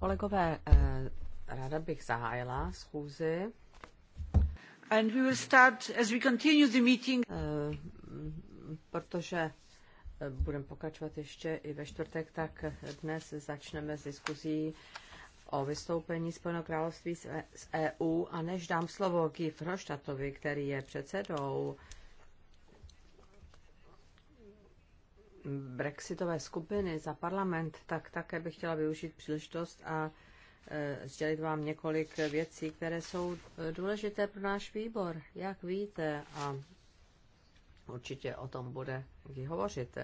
Kolegové, ráda bych zahájila schůzi. And we will start as we continue the meeting. Eh, protože eh, budeme pokračovat ještě i ve čtvrtek, tak dnes začneme s diskuzí o vystoupení Spojeného království z EU e a než dám slovo Guy Froštatovi, který je předsedou brexitové skupiny za parlament, tak také bych chtěla využít příležitost a e, sdělit vám několik věcí, které jsou důležité pro náš výbor, jak víte, a určitě o tom bude hovořit.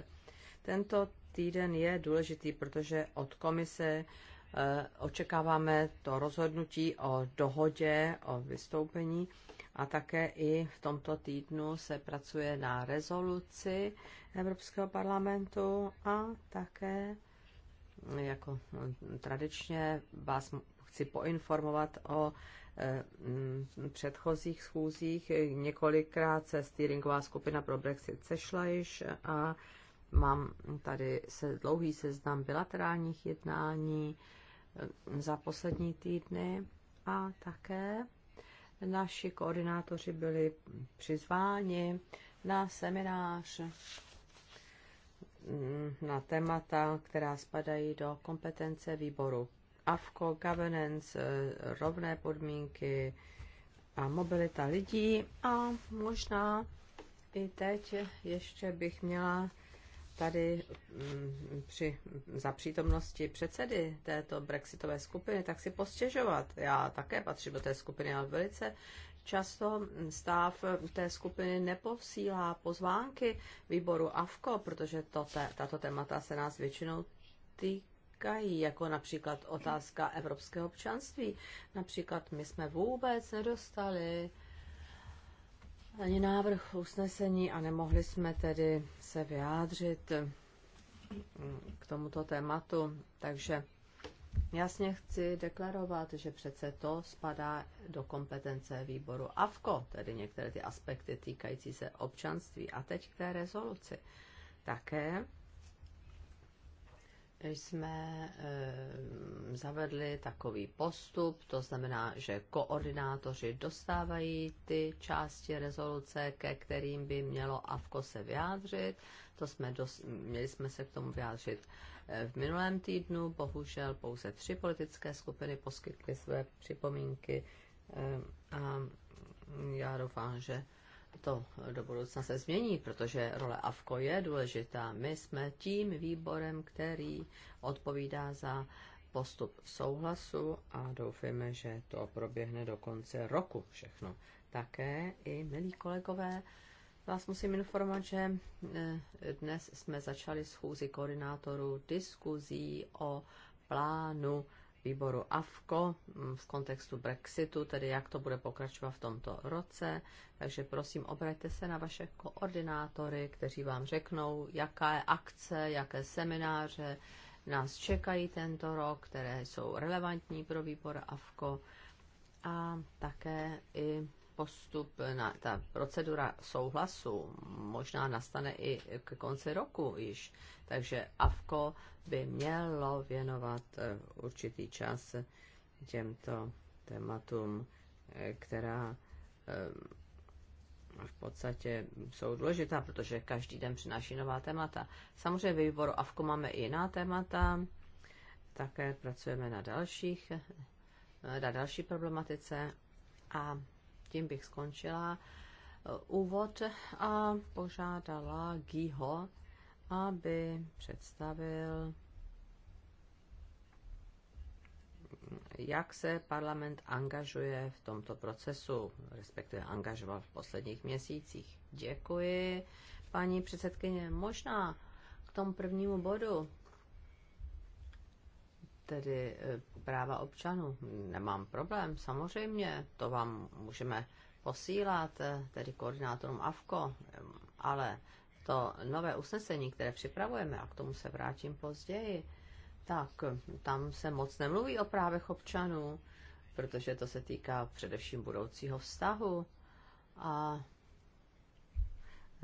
Tento týden je důležitý, protože od komise e, očekáváme to rozhodnutí o dohodě, o vystoupení a také i v tomto týdnu se pracuje na rezoluci Evropského parlamentu a také jako tradičně vás chci poinformovat o e, předchozích schůzích. Několikrát se steeringová skupina pro Brexit sešla již a mám tady se dlouhý seznam bilaterálních jednání e, za poslední týdny a také Naši koordinátoři byli přizváni na seminář mm, na témata, která spadají do kompetence výboru. AFCO, governance, eh, rovné podmínky a mobilita lidí. A možná i teď ještě bych měla tady mm, při, za přítomnosti předsedy této brexitové skupiny, tak si postěžovat. Já také patřím do té skupiny, ale velice často stáv té skupiny neposílá pozvánky výboru AFKO, protože to, tato témata se nás většinou týkají, jako například otázka evropského občanství. Například my jsme vůbec nedostali uh, ani návrh usnesení a nemohli jsme tedy se vyjádřit mm, k tomuto tématu, takže jasně chci deklarovat, že přece to spadá do kompetence výboru AVKO, tedy některé ty aspekty týkající se občanství. A teď k té rezoluci. Také jsme eh, zavedli takový postup, to znamená, že koordinátoři dostávají ty části rezoluce, ke kterým by mělo AFKO se vyjádřit. To jsme dos- měli jsme se k tomu vyjádřit eh, v minulém týdnu. Bohužel pouze tři politické skupiny poskytly své připomínky eh, a já doufám, že to do budoucna se změní, protože role AFKO je důležitá. My jsme tím výborem, který odpovídá za postup souhlasu a doufejme, že to proběhne do konce roku všechno. Také i, milí kolegové, vás musím informovat, že e, dnes jsme začali schůzi koordinátorů diskuzí o plánu výboru AFKO mm, v kontextu Brexitu, tedy jak to bude pokračovat v tomto roce. Takže prosím, obraťte se na vaše koordinátory, kteří vám řeknou, jaká je akce, jaké semináře nás čekají tento rok, které jsou relevantní pro výbor AFKO a také i postup, na, ta procedura souhlasu možná nastane i k konci roku již, takže AFKO by mělo věnovat eh, určitý čas těmto tématům, eh, která eh, v podstatě jsou důležitá, protože každý den přináší nová témata. Samozřejmě ve výboru AFKO máme i jiná témata, také pracujeme na dalších, na další problematice a tím bych skončila eh, úvod a požádala Giho, aby představil, jak se parlament angažuje v tomto procesu, respektive angažoval v posledních měsících. Děkuji, paní předsedkyně. Možná k tomu prvnímu bodu tedy e, práva občanů. Nemám problém, samozřejmě, to vám můžeme posílat, e, tedy koordinátorům AFKO, ale to nové usnesení, které připravujeme, a k tomu se vrátím později, tak tam se moc nemluví o právech občanů, protože to se týká především budoucího vztahu a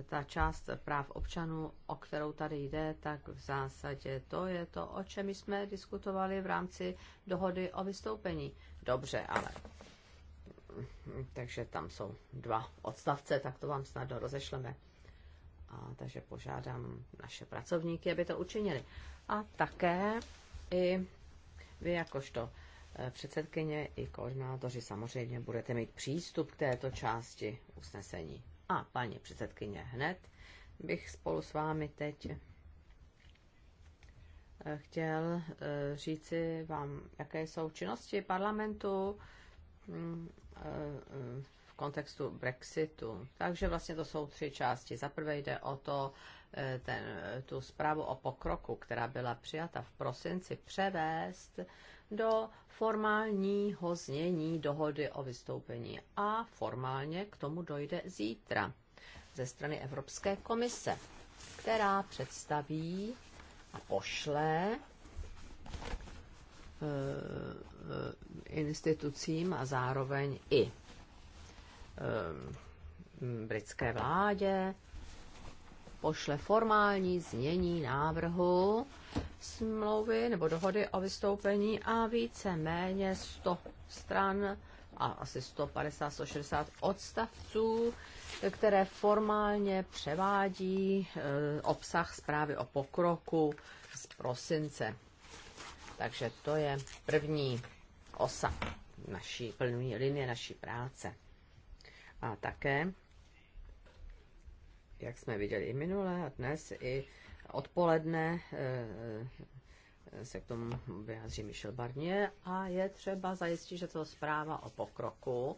ta část práv občanů, o kterou tady jde, tak v zásadě to je to, o čem jsme diskutovali v rámci dohody o vystoupení. Dobře, ale. Takže tam jsou dva odstavce, tak to vám snad rozešleme. A, takže požádám naše pracovníky, aby to učinili. A také i vy jakožto eh, předsedkyně i koordinátoři samozřejmě budete mít přístup k této části usnesení. A paní předsedkyně, hned bych spolu s vámi teď eh, chtěl eh, říci vám, jaké jsou činnosti parlamentu hm, eh, v kontextu Brexitu. Takže vlastně to jsou tři části. Za prvé jde o to, ten, tu zprávu o pokroku, která byla přijata v prosinci, převést do formálního znění dohody o vystoupení. A formálně k tomu dojde zítra ze strany Evropské komise, která představí a pošle eh, institucím a zároveň i eh, britské vládě pošle formální znění návrhu smlouvy nebo dohody o vystoupení a více méně 100 stran a asi 150-160 odstavců, které formálně převádí eh, obsah zprávy o pokroku z prosince. Takže to je první osa naší, první linie naší práce. A také, jak jsme viděli i minule a dnes, i odpoledne eh, se k tomu vyjádří Michel Barnier a je třeba zajistit, že to zpráva o pokroku,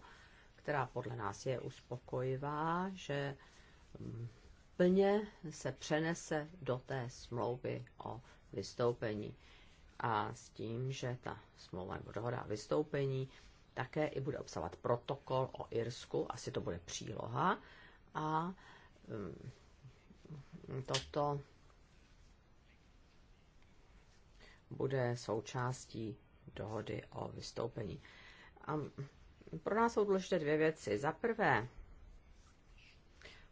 která podle nás je uspokojivá, že hm, plně se přenese do té smlouvy o vystoupení. A s tím, že ta smlouva nebo dohoda o vystoupení také i bude obsahovat protokol o Irsku, asi to bude příloha. A hm, toto bude součástí dohody o vystoupení. A pro nás jsou důležité dvě věci. Za prvé,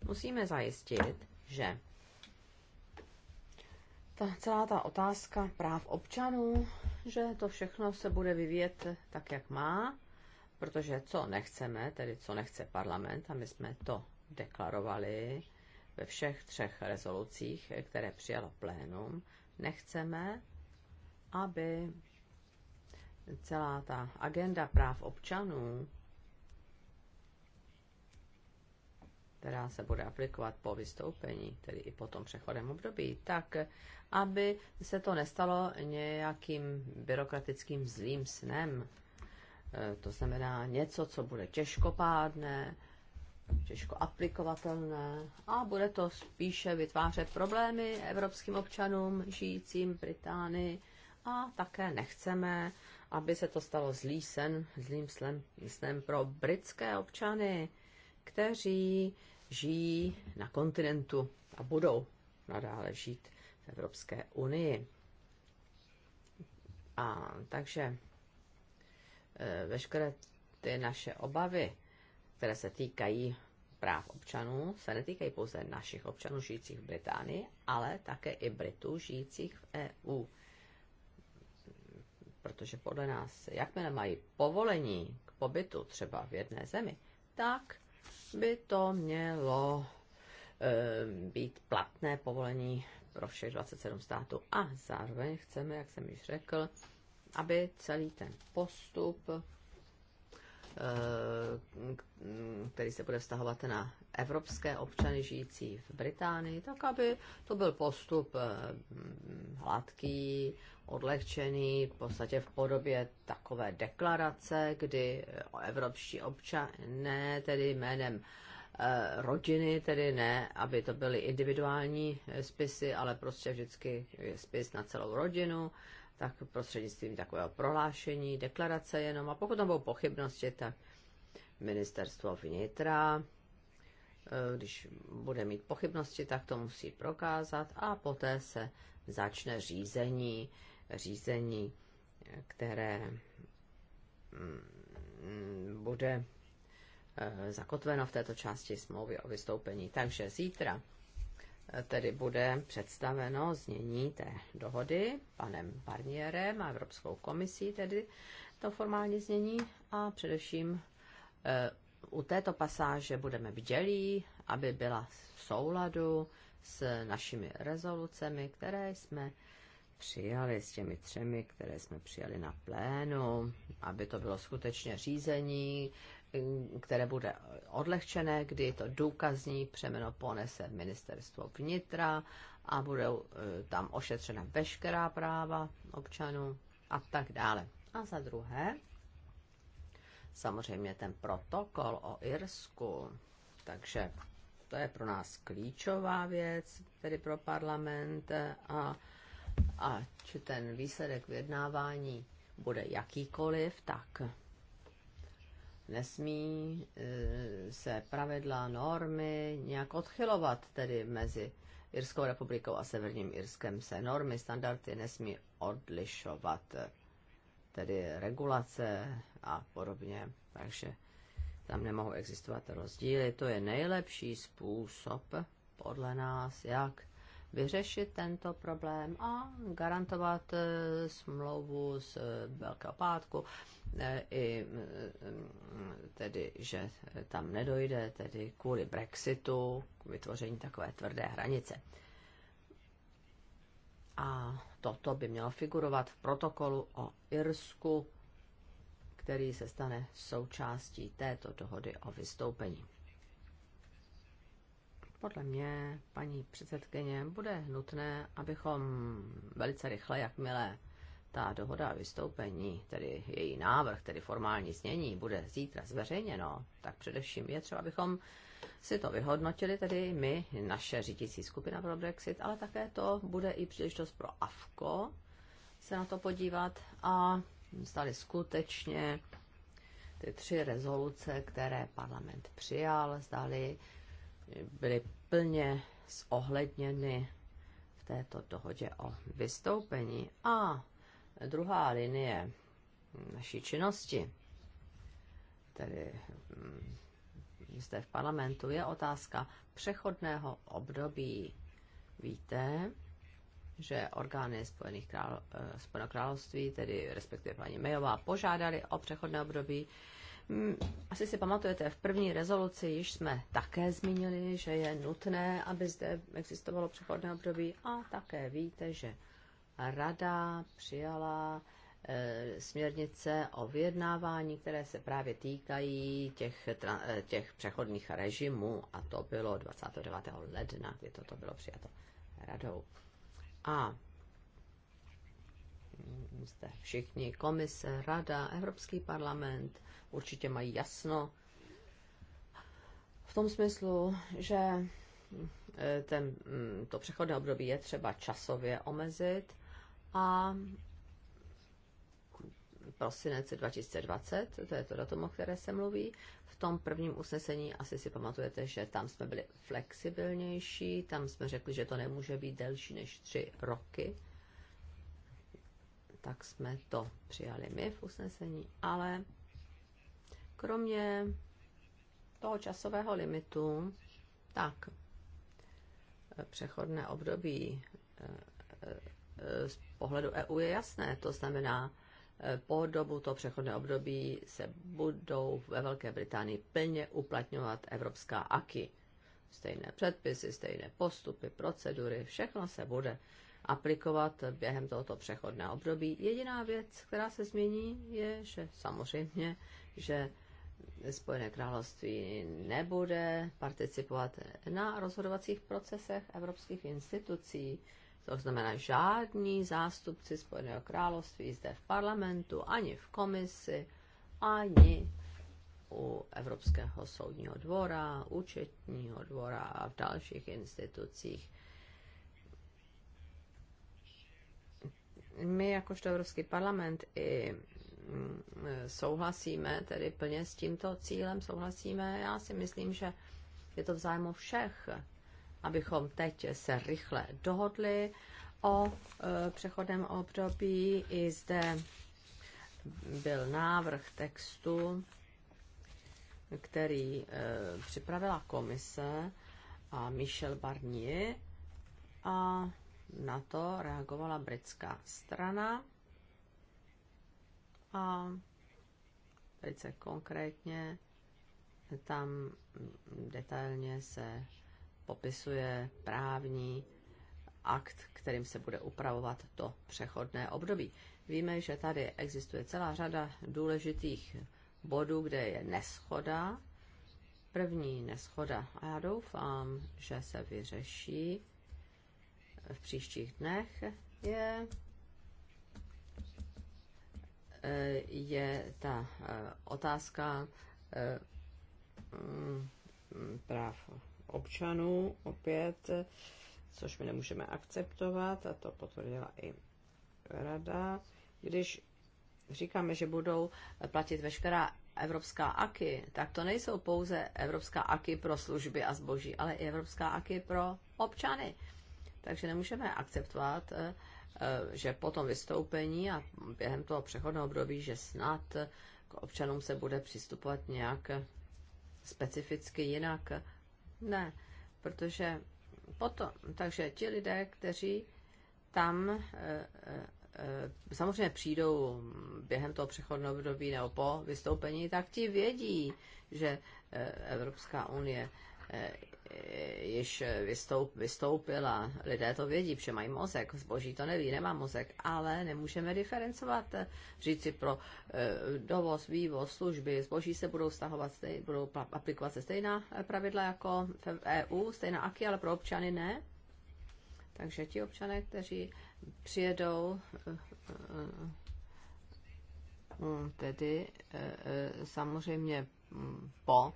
musíme zajistit, že ta celá ta otázka práv občanů, že to všechno se bude vyvíjet tak, jak má, protože co nechceme, tedy co nechce parlament, a my jsme to deklarovali ve všech třech rezolucích, které přijalo plénum, nechceme, aby celá ta agenda práv občanů, která se bude aplikovat po vystoupení, tedy i po tom přechodem období, tak aby se to nestalo nějakým byrokratickým zlým snem. E, to znamená něco, co bude těžkopádné, těžko aplikovatelné a bude to spíše vytvářet problémy evropským občanům žijícím v Británii, a také nechceme, aby se to stalo zlý sen, zlým slem, snem pro britské občany, kteří žijí na kontinentu a budou nadále žít v Evropské unii. A takže eh, veškeré ty naše obavy, které se týkají práv občanů, se netýkají pouze našich občanů žijících v Británii, ale také i Britů žijících v EU protože podle nás, jakmile mají povolení k pobytu třeba v jedné zemi, tak by to mělo e, být platné povolení pro všech 27 států. A zároveň chceme, jak jsem již řekl, aby celý ten postup, eh, který se bude vztahovat na evropské občany žijící v Británii, tak aby to byl postup eh, hladký, odlehčený, v podstatě v podobě takové deklarace, kdy eh, evropští občané, tedy jménem eh, rodiny, tedy ne, aby to byly individuální spisy, ale prostě vždycky spis na celou rodinu, tak prostřednictvím takového prohlášení, deklarace jenom. A pokud tam budou pochybnosti, tak ministerstvo vnitra Eh, když bude mít pochybnosti, tak to musí prokázat a poté se začne řízení, řízení, eh, které mm, bude eh, zakotveno v této části smlouvy o vystoupení. Takže zítra tedy bude představeno znění té dohody panem Barnierem a Evropskou komisí, tedy to formální znění a především u této pasáže budeme bdělí, aby byla v souladu s našimi rezolucemi, které jsme přijali, s těmi třemi, které jsme přijali na plénu, aby to bylo skutečně řízení, které bude odlehčené, kdy to důkazní přemeno ponese ministerstvo vnitra a budou e, tam ošetřena veškerá práva občanů a tak dále. A za druhé, samozřejmě ten protokol o Irsku, takže to je pro nás klíčová věc, tedy pro parlament a či ten výsledek vyjednávání bude jakýkoliv, tak nesmí e, se pravidla, normy nějak odchylovat tedy mezi Irskou republikou a Severním Irskem se normy, standardy nesmí odlišovat tedy regulace a podobně. Takže tam nemohou existovat rozdíly. To je nejlepší způsob, podle nás, jak vyřešit tento problém a garantovat eh, smlouvu z eh, Velkého pátku eh, i tedy, že tam nedojde tedy kvůli Brexitu k vytvoření takové tvrdé hranice. A toto by mělo figurovat v protokolu o Irsku, který se stane součástí této dohody o vystoupení. Podle mě, paní předsedkyně, bude nutné, abychom velice rychle, jakmile ta dohoda o vystoupení, tedy její návrh, tedy formální znění, bude zítra zveřejněno, tak především je třeba, abychom si to vyhodnotili, tedy my, naše řídící skupina pro Brexit, ale také to bude i příležitost pro AFKO se na to podívat a stali skutečně ty tři rezoluce, které parlament přijal, zdali byly plně zohledněny v této dohodě o vystoupení. A druhá linie naší činnosti, tedy mm, zde v parlamentu, je otázka přechodného období. Víte, že orgány Spojených král, eh, Spojeného království, tedy respektive paní Mejová, požádali o přechodné období. Hmm, asi si pamatujete, v první rezoluci již jsme také zmínili, že je nutné, aby zde existovalo přechodné období a také víte, že rada přijala E, směrnice o vyjednávání, které se právě týkají těch, e, těch přechodných režimů a to bylo 29. ledna, kdy toto bylo přijato radou. A zde všichni, komise, rada, Evropský parlament určitě mají jasno v tom smyslu, že e, ten, to přechodné období je třeba časově omezit a prosinec 2020, to je to datum, o které se mluví. V tom prvním usnesení asi si pamatujete, že tam jsme byli flexibilnější, tam jsme řekli, že to nemůže být delší než tři roky. Tak jsme to přijali my v usnesení, ale kromě toho časového limitu, tak eh, přechodné období eh, eh, z pohledu EU je jasné. To znamená, Eh, po dobu toho přechodného období se budou ve Velké Británii plně uplatňovat evropská AKI. Stejné předpisy, stejné postupy, procedury, všechno se bude aplikovat během tohoto přechodného období. Jediná věc, která se změní, je, že samozřejmě, že Spojené království nebude participovat na rozhodovacích procesech evropských institucí to znamená, žádní zástupci Spojeného království zde v parlamentu, ani v komisi, ani u Evropského soudního dvora, účetního dvora a v dalších institucích. My jakožto Evropský parlament i mm, souhlasíme tedy plně s tímto cílem, souhlasíme. Já si myslím, že je to v zájmu všech abychom teď se rychle dohodli o e, přechodném období. I zde byl návrh textu, který e, připravila komise a Michel Barnier a na to reagovala britská strana a velice konkrétně tam detailně se popisuje právní akt, kterým se bude upravovat to přechodné období. Víme, že tady existuje celá řada důležitých bodů, kde je neschoda, první neschoda. A já doufám, že se vyřeší v příštích dnech, je, je ta eh, otázka eh, mm, práv občanů opět, což my nemůžeme akceptovat, a to potvrdila i rada, když říkáme, že budou platit veškerá evropská aky, tak to nejsou pouze evropská aky pro služby a zboží, ale i evropská aky pro občany. Takže nemůžeme akceptovat, eh, že po tom vystoupení a během toho přechodného období, že snad k občanům se bude přistupovat nějak specificky jinak ne, protože potom, takže ti lidé, kteří tam e, e, e, samozřejmě přijdou během toho přechodného období nebo po vystoupení, tak ti vědí, že Evropská unie Eh, již vystoup, vystoupila. Lidé to vědí, že mají mozek. Zboží to neví, nemá mozek, ale nemůžeme diferencovat. Říci pro eh, dovoz, vývoz, služby, zboží se budou stahovat, stej, budou aplikovat se stejná eh, pravidla jako v EU, stejná aky, ale pro občany ne. Takže ti občané, kteří přijedou mm, tedy samozřejmě mm, po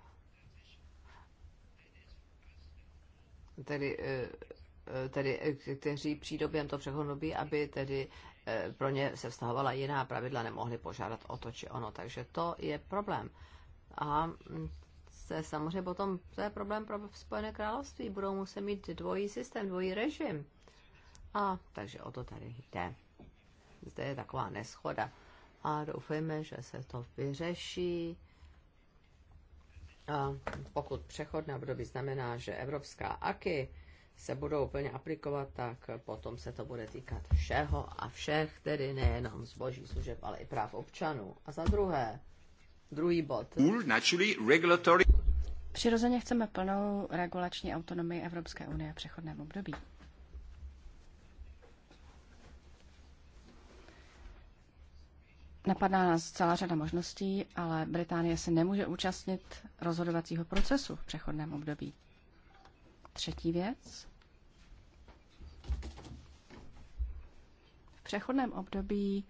tedy, eh, eh, tedy eh, kteří přijdou během toho přechodnobí, aby tedy pro ně se vztahovala jiná pravidla, nemohli požádat o to či ono. Takže to je problém. A se samozřejmě potom, to je problém pro Spojené království, budou muset mít dvojí systém, dvojí režim. A takže o to tady jde. Zde je taková neschoda. A doufejme, že se to vyřeší a pokud přechodné období znamená, že evropská AKY se budou plně aplikovat, tak potom se to bude týkat všeho a všech, tedy nejenom zboží služeb, ale i práv občanů. A za druhé, druhý bod. Přirozeně chceme plnou regulační autonomii Evropské unie v přechodném období. Napadá nás celá řada možností, ale Británie se nemůže účastnit rozhodovacího procesu v přechodném období. Třetí věc. V přechodném období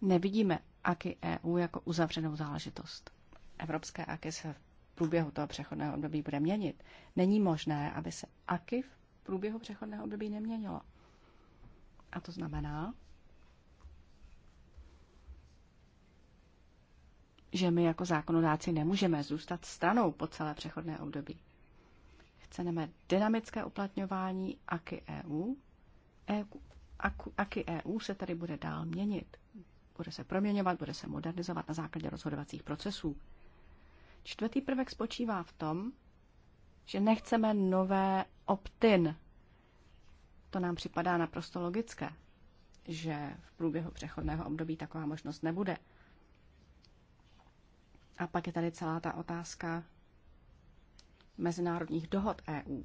nevidíme aky EU jako uzavřenou záležitost. Evropské aky e se v průběhu toho přechodného období bude měnit. Není možné, aby se aky e v průběhu přechodného období neměnilo. A to znamená, že my jako zákonodáci nemůžeme zůstat stranou po celé přechodné období. Chceme dynamické uplatňování AKI EU. AKI EU se tady bude dál měnit. Bude se proměňovat, bude se modernizovat na základě rozhodovacích procesů. Čtvrtý prvek spočívá v tom, že nechceme nové optin. To nám připadá naprosto logické, že v průběhu přechodného období taková možnost nebude. A pak je tady celá ta otázka mezinárodních dohod EU.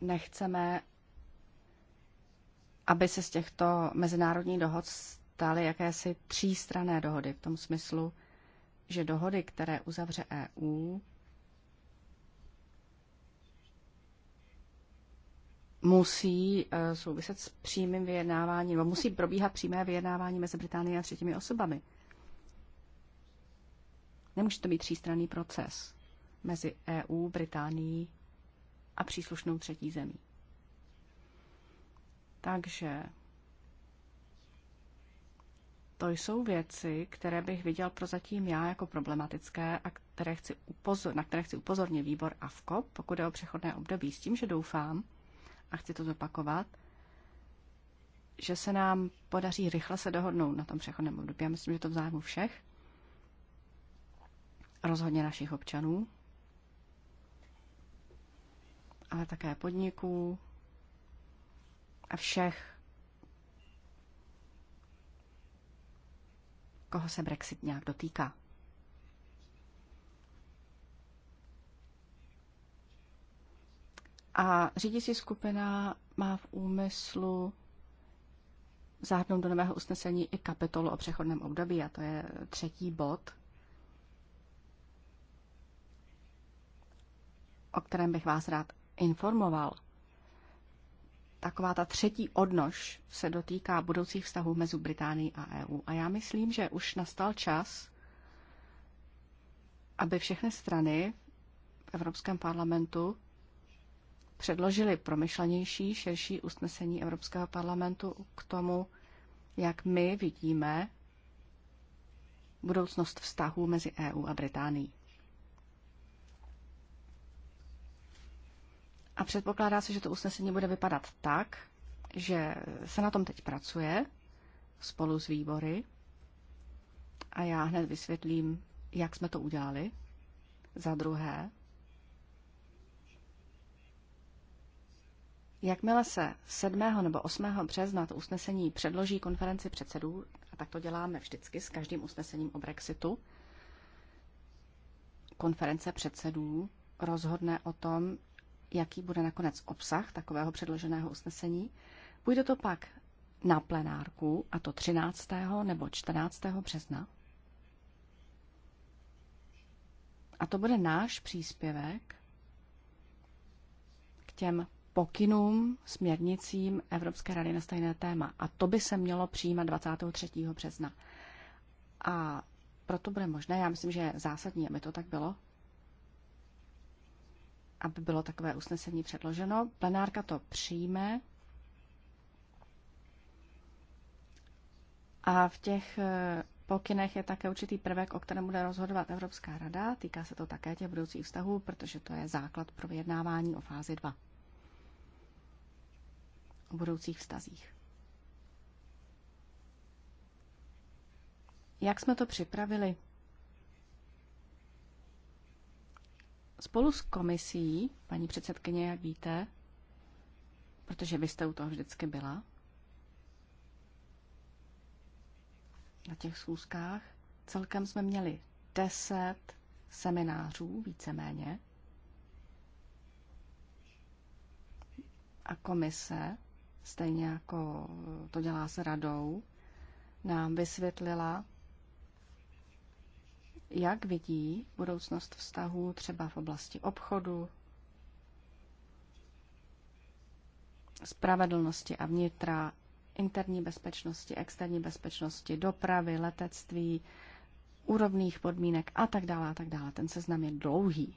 Nechceme, aby se z těchto mezinárodních dohod staly jakési třístrané dohody v tom smyslu, že dohody, které uzavře EU, musí eh, souviset s přímým vyjednáváním, nebo musí probíhat přímé vyjednávání mezi Británií a třetími osobami. Nemůže to být třístranný proces mezi EU, Británií a příslušnou třetí zemí. Takže to jsou věci, které bych viděl prozatím já jako problematické a které chci upozor- na které chci upozornit výbor AFKO, pokud je o přechodné období, s tím, že doufám, a chci to zopakovat, že se nám podaří rychle se dohodnout na tom přechodném období. Já myslím, že to v zájmu všech, rozhodně našich občanů, ale také podniků a všech, koho se Brexit nějak dotýká. A řídící skupina má v úmyslu zahrnout do nového usnesení i kapitolu o přechodném období, a to je třetí bod, o kterém bych vás rád informoval. Taková ta třetí odnož se dotýká budoucích vztahů mezi Británií a EU. A já myslím, že už nastal čas, aby všechny strany v Evropském parlamentu předložili promyšlenější, širší usnesení Evropského parlamentu k tomu, jak my vidíme budoucnost vztahů mezi EU a Británií. A předpokládá se, že to usnesení bude vypadat tak, že se na tom teď pracuje spolu s výbory a já hned vysvětlím, jak jsme to udělali. Za druhé, Jakmile se 7. nebo 8. března to usnesení předloží konferenci předsedů, a tak to děláme vždycky s každým usnesením o Brexitu, konference předsedů rozhodne o tom, jaký bude nakonec obsah takového předloženého usnesení. Půjde to pak na plenárku, a to 13. nebo 14. března. A to bude náš příspěvek k těm pokynům, směrnicím Evropské rady na stejné téma. A to by se mělo přijímat 23. března. A proto bude možné, já myslím, že je zásadní, aby to tak bylo, aby bylo takové usnesení předloženo. Plenárka to přijme a v těch eh, pokynech je také určitý prvek, o kterém bude rozhodovat Evropská rada. Týká se to také těch budoucích vztahů, protože to je základ pro vyjednávání o fázi 2 o budoucích vztazích. Jak jsme to připravili? Spolu s komisí, paní předsedkyně, jak víte, protože vy jste u toho vždycky byla, na těch schůzkách, celkem jsme měli deset seminářů, víceméně, a komise stejně jako to dělá s radou, nám vysvětlila, jak vidí budoucnost vztahů třeba v oblasti obchodu, spravedlnosti a vnitra, interní bezpečnosti, externí bezpečnosti, dopravy, letectví, úrovných podmínek a tak dále a tak dále. Ten seznam je dlouhý.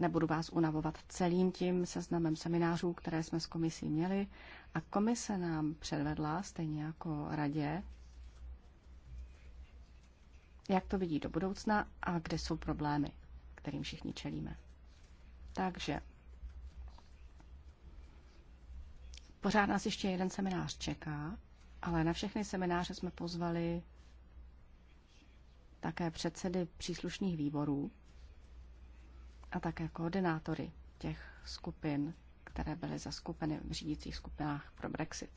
Nebudu vás unavovat celým tím seznamem seminářů, které jsme s komisí měli. A komise nám předvedla, stejně jako radě, jak to vidí do budoucna a kde jsou problémy, kterým všichni čelíme. Takže pořád nás ještě jeden seminář čeká, ale na všechny semináře jsme pozvali také předsedy příslušných výborů, a také koordinátory těch skupin, které byly zaskupeny v řídících skupinách pro Brexit.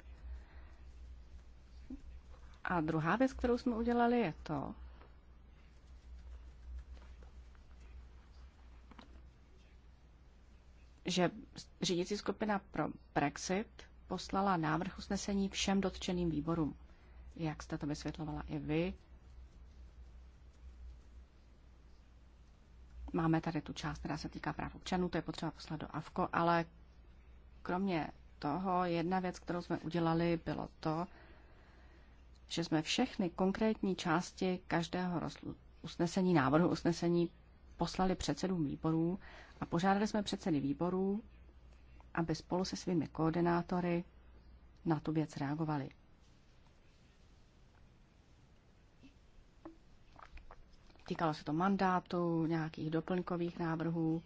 A druhá věc, kterou jsme udělali, je to, že řídící skupina pro Brexit poslala návrh usnesení všem dotčeným výborům. Jak jste to vysvětlovala i vy, Máme tady tu část, která se týká práv občanů, to je potřeba poslat do AVKO, ale kromě toho jedna věc, kterou jsme udělali, bylo to, že jsme všechny konkrétní části každého usnesení, návrhu usnesení poslali předsedům výborů a požádali jsme předsedy výborů, aby spolu se svými koordinátory na tu věc reagovali. Týkalo se to mandátu, nějakých doplňkových návrhů.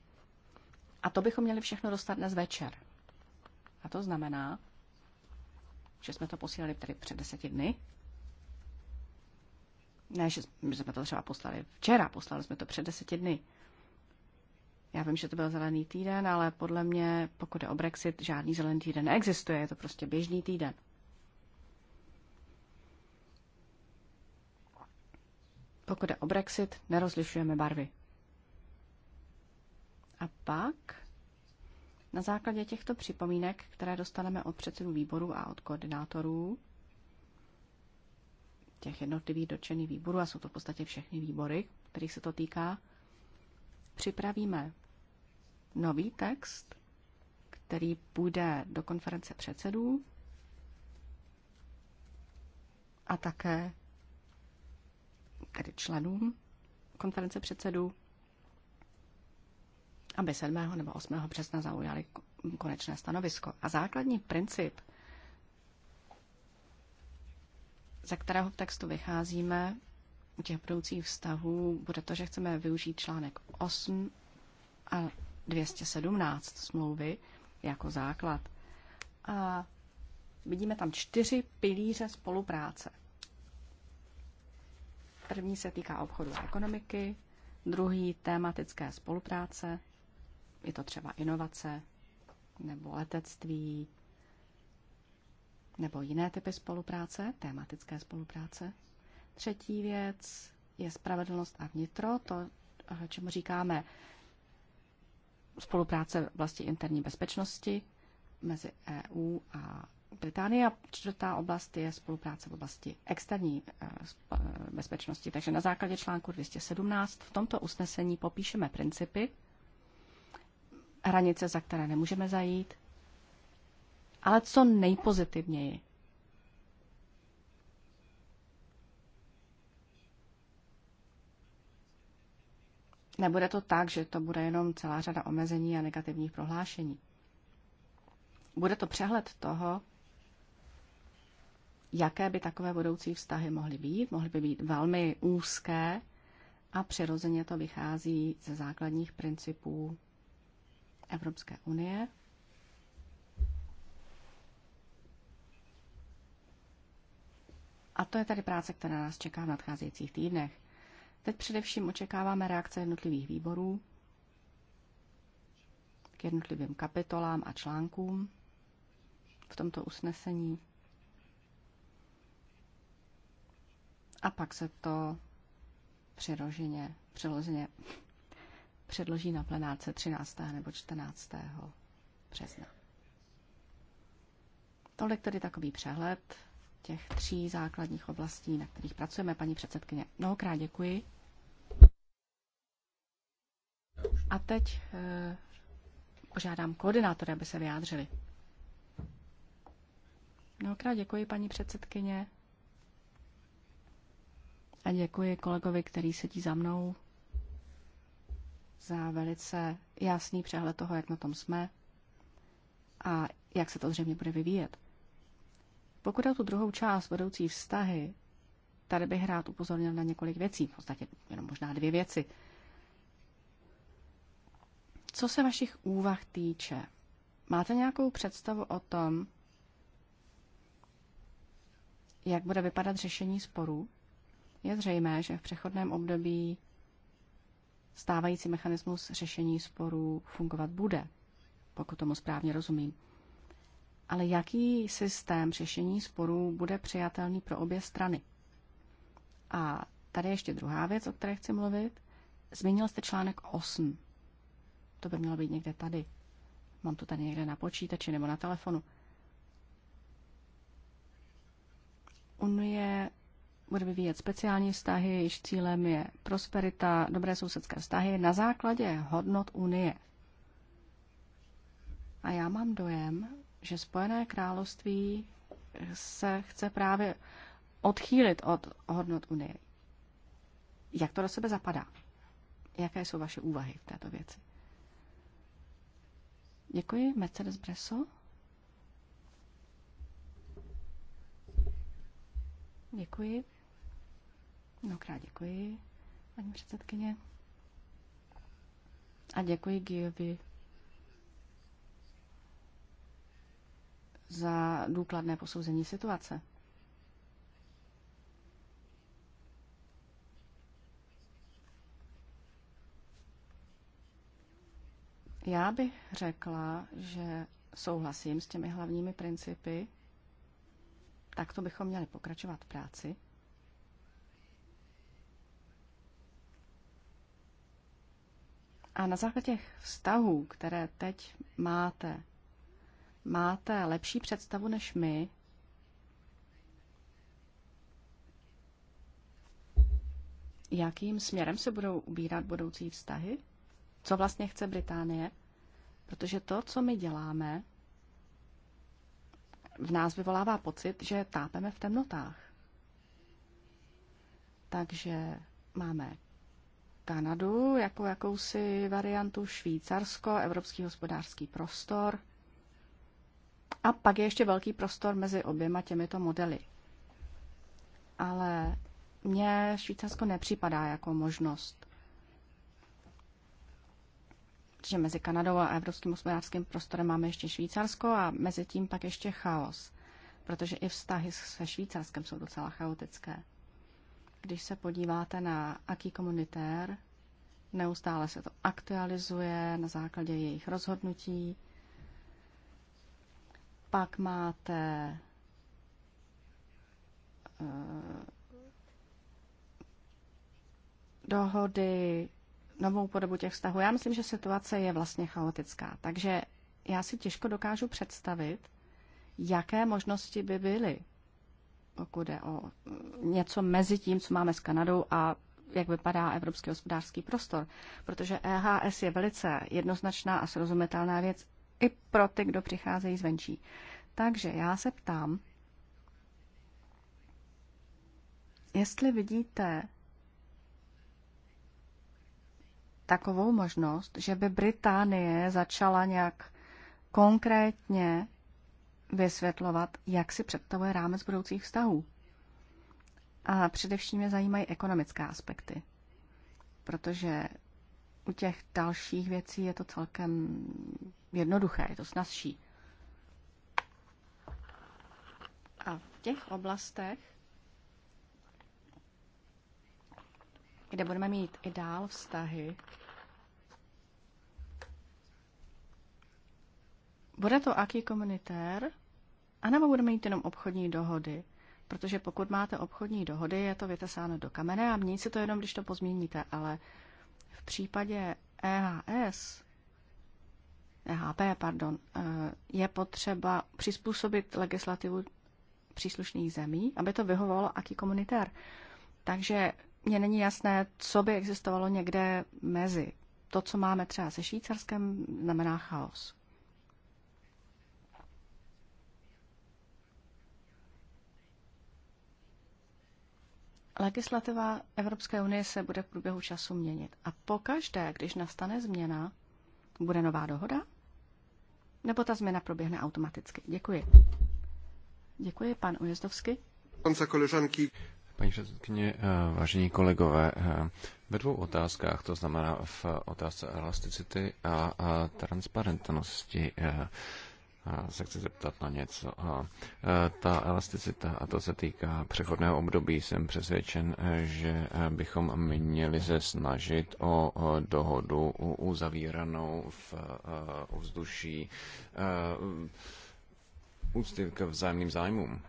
A to bychom měli všechno dostat dnes večer. A to znamená, že jsme to posílali tady před deseti dny. Ne, že jsme to třeba poslali včera, poslali jsme to před deseti dny. Já vím, že to byl zelený týden, ale podle mě, pokud je o Brexit, žádný zelený týden neexistuje, je to prostě běžný týden. Pokud je o Brexit, nerozlišujeme barvy. A pak na základě těchto připomínek, které dostaneme od předsedů výboru a od koordinátorů těch jednotlivých dotčených výborů, a jsou to v podstatě všechny výbory, kterých se to týká, připravíme nový text, který půjde do konference předsedů a také tedy členům konference předsedů, aby 7. nebo 8. března zaujali konečné stanovisko. A základní princip, ze kterého v textu vycházíme, u těch budoucích vztahů, bude to, že chceme využít článek 8 a 217 smlouvy jako základ. A vidíme tam čtyři pilíře spolupráce – První se týká obchodu a ekonomiky, druhý tématické spolupráce, je to třeba inovace nebo letectví nebo jiné typy spolupráce, tématické spolupráce. Třetí věc je spravedlnost a vnitro, to, eh, čemu říkáme spolupráce vlastně interní bezpečnosti mezi EU a Británie a čtvrtá oblast je spolupráce v oblasti externí eh, eh, bezpečnosti. Takže na základě článku 217 v tomto usnesení popíšeme principy, hranice, za které nemůžeme zajít, ale co nejpozitivněji. Nebude to tak, že to bude jenom celá řada omezení a negativních prohlášení. Bude to přehled toho, jaké by takové budoucí vztahy mohly být. Mohly by být velmi úzké a přirozeně to vychází ze základních principů Evropské unie. A to je tady práce, která nás čeká v nadcházejících týdnech. Teď především očekáváme reakce jednotlivých výborů k jednotlivým kapitolám a článkům v tomto usnesení. A pak se to přiroženě, přirozeně předloží na plenáce 13. nebo 14. března. Tolik tedy takový přehled těch tří základních oblastí, na kterých pracujeme, paní předsedkyně. Mnohokrát děkuji. A teď e, požádám koordinátory, aby se vyjádřili. Mnohokrát děkuji, paní předsedkyně. A děkuji kolegovi, který sedí za mnou, za velice jasný přehled toho, jak na tom jsme a jak se to zřejmě bude vyvíjet. Pokud je tu druhou část vedoucí vztahy, tady bych rád upozornil na několik věcí, v podstatě jenom možná dvě věci. Co se vašich úvah týče, máte nějakou představu o tom, jak bude vypadat řešení sporů? Je zřejmé, že v přechodném období stávající mechanismus řešení sporů fungovat bude, pokud tomu správně rozumím. Ale jaký systém řešení sporů bude přijatelný pro obě strany? A tady ještě druhá věc, o které chci mluvit. Zmínil jste článek 8. To by mělo být někde tady. Mám to tady někde na počítači nebo na telefonu. Unie bude vyvíjet speciální vztahy, jejichž cílem je prosperita, dobré sousedské vztahy na základě hodnot Unie. A já mám dojem, že Spojené království se chce právě odchýlit od hodnot Unie. Jak to do sebe zapadá? Jaké jsou vaše úvahy v této věci? Děkuji. Mercedes Bresso. Děkuji. Mnohokrát děkuji, paní předsedkyně. A děkuji Gijovi za důkladné posouzení situace. Já bych řekla, že souhlasím s těmi hlavními principy. Tak to bychom měli pokračovat v práci. A na základě těch vztahů, které teď máte, máte lepší představu než my, jakým směrem se budou ubírat budoucí vztahy? Co vlastně chce Británie? Protože to, co my děláme, v nás vyvolává pocit, že tápeme v temnotách. Takže máme Kanadu jako jakousi variantu Švýcarsko, Evropský hospodářský prostor. A pak je ještě velký prostor mezi oběma těmito modely. Ale mně Švýcarsko nepřipadá jako možnost. že mezi Kanadou a Evropským hospodářským prostorem máme ještě Švýcarsko a mezi tím pak ještě chaos. Protože i vztahy se Švýcarskem jsou docela chaotické. Když se podíváte na aký komunitér, neustále se to aktualizuje na základě jejich rozhodnutí. Pak máte eh, dohody, novou podobu těch vztahů. Já myslím, že situace je vlastně chaotická, takže já si těžko dokážu představit, jaké možnosti by byly pokud je o mm, něco mezi tím, co máme s Kanadou a jak vypadá evropský hospodářský prostor, protože EHS je velice jednoznačná a srozumitelná věc i pro ty, kdo přicházejí zvenčí. Takže já se ptám, jestli vidíte takovou možnost, že by Británie začala nějak konkrétně vysvětlovat, jak si představuje rámec budoucích vztahů. A především mě zajímají ekonomické aspekty, protože u těch dalších věcí je to celkem jednoduché, je to snazší. A v těch oblastech, kde budeme mít i dál vztahy, Bude to aký komunitér, anebo budeme mít jenom obchodní dohody? Protože pokud máte obchodní dohody, je to vytesáno do kamene a mění se to jenom, když to pozměníte, ale v případě EHS, EHP, pardon, eh, je potřeba přizpůsobit legislativu příslušných zemí, aby to vyhovovalo aký komunitér. Takže mně není jasné, co by existovalo někde mezi. To, co máme třeba se Švýcarskem, znamená chaos. Legislativa Evropské unie se bude v průběhu času měnit. A pokaždé, když nastane změna, bude nová dohoda? Nebo ta změna proběhne automaticky? Děkuji. Děkuji, pan Ujezdovský. Paní předsedkyně, eh, vážení kolegové, eh, ve dvou otázkách, to znamená v otázce elasticity a transparentnosti, eh, se chci zeptat na něco. A ta elasticita, a to se týká přechodného období, jsem přesvědčen, že bychom měli se snažit o dohodu uzavíranou v ovzduší úcty k vzájemným zájmům.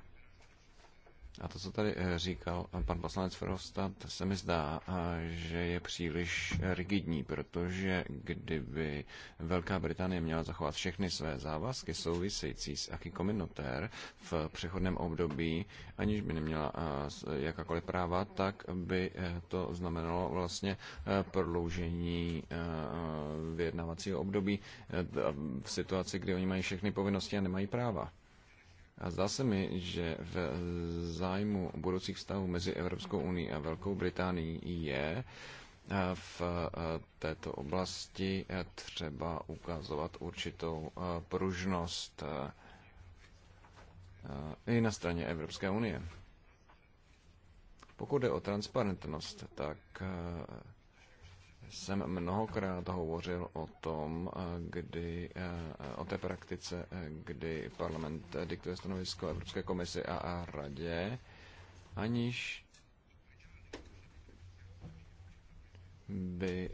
A to, co tady eh, říkal eh, pan poslanec Frostat, se mi zdá, eh, že je příliš rigidní, protože kdyby Velká Británie měla zachovat všechny své závazky související s aký Kominotér v přechodném období, aniž by neměla jakákoliv práva, tak by to znamenalo vlastně prodloužení vyjednavacího období v situaci, kdy oni mají všechny povinnosti a nemají práva. A zdá se mi, že v zájmu budoucích vztahů mezi Evropskou unii a Velkou Británií je eh, v eh, této oblasti eh, třeba ukazovat určitou pružnost i na straně Evropské unie. Pokud jde o transparentnost, tak jsem mnohokrát hovořil o tom, eh, kdy, eh, o té praktice, eh, kdy parlament diktuje stanovisko Evropské komisi a, a radě, aniž by,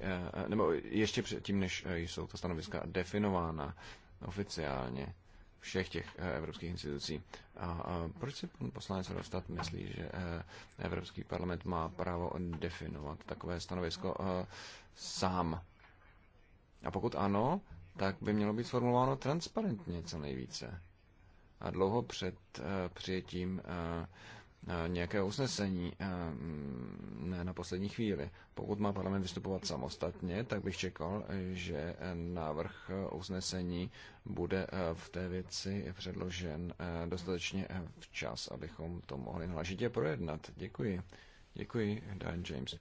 nebo ještě předtím, než jsou ta stanoviska definována oficiálně všech těch eh, evropských institucí. A proč si pan poslanec Rostat myslí, že eh, Evropský parlament má právo definovat takové stanovisko eh, sám? A pokud ano, tak by mělo být sformulováno transparentně co nejvíce. A dlouho před přijetím Eh, nějaké usnesení eh, ne na poslední chvíli. Pokud má parlament vystupovat samostatně, tak bych čekal, že návrh eh, usnesení bude v té věci předložen dostatečně včas, abychom to mohli hlášitě projednat. Děkuji. Děkuji, Dan James.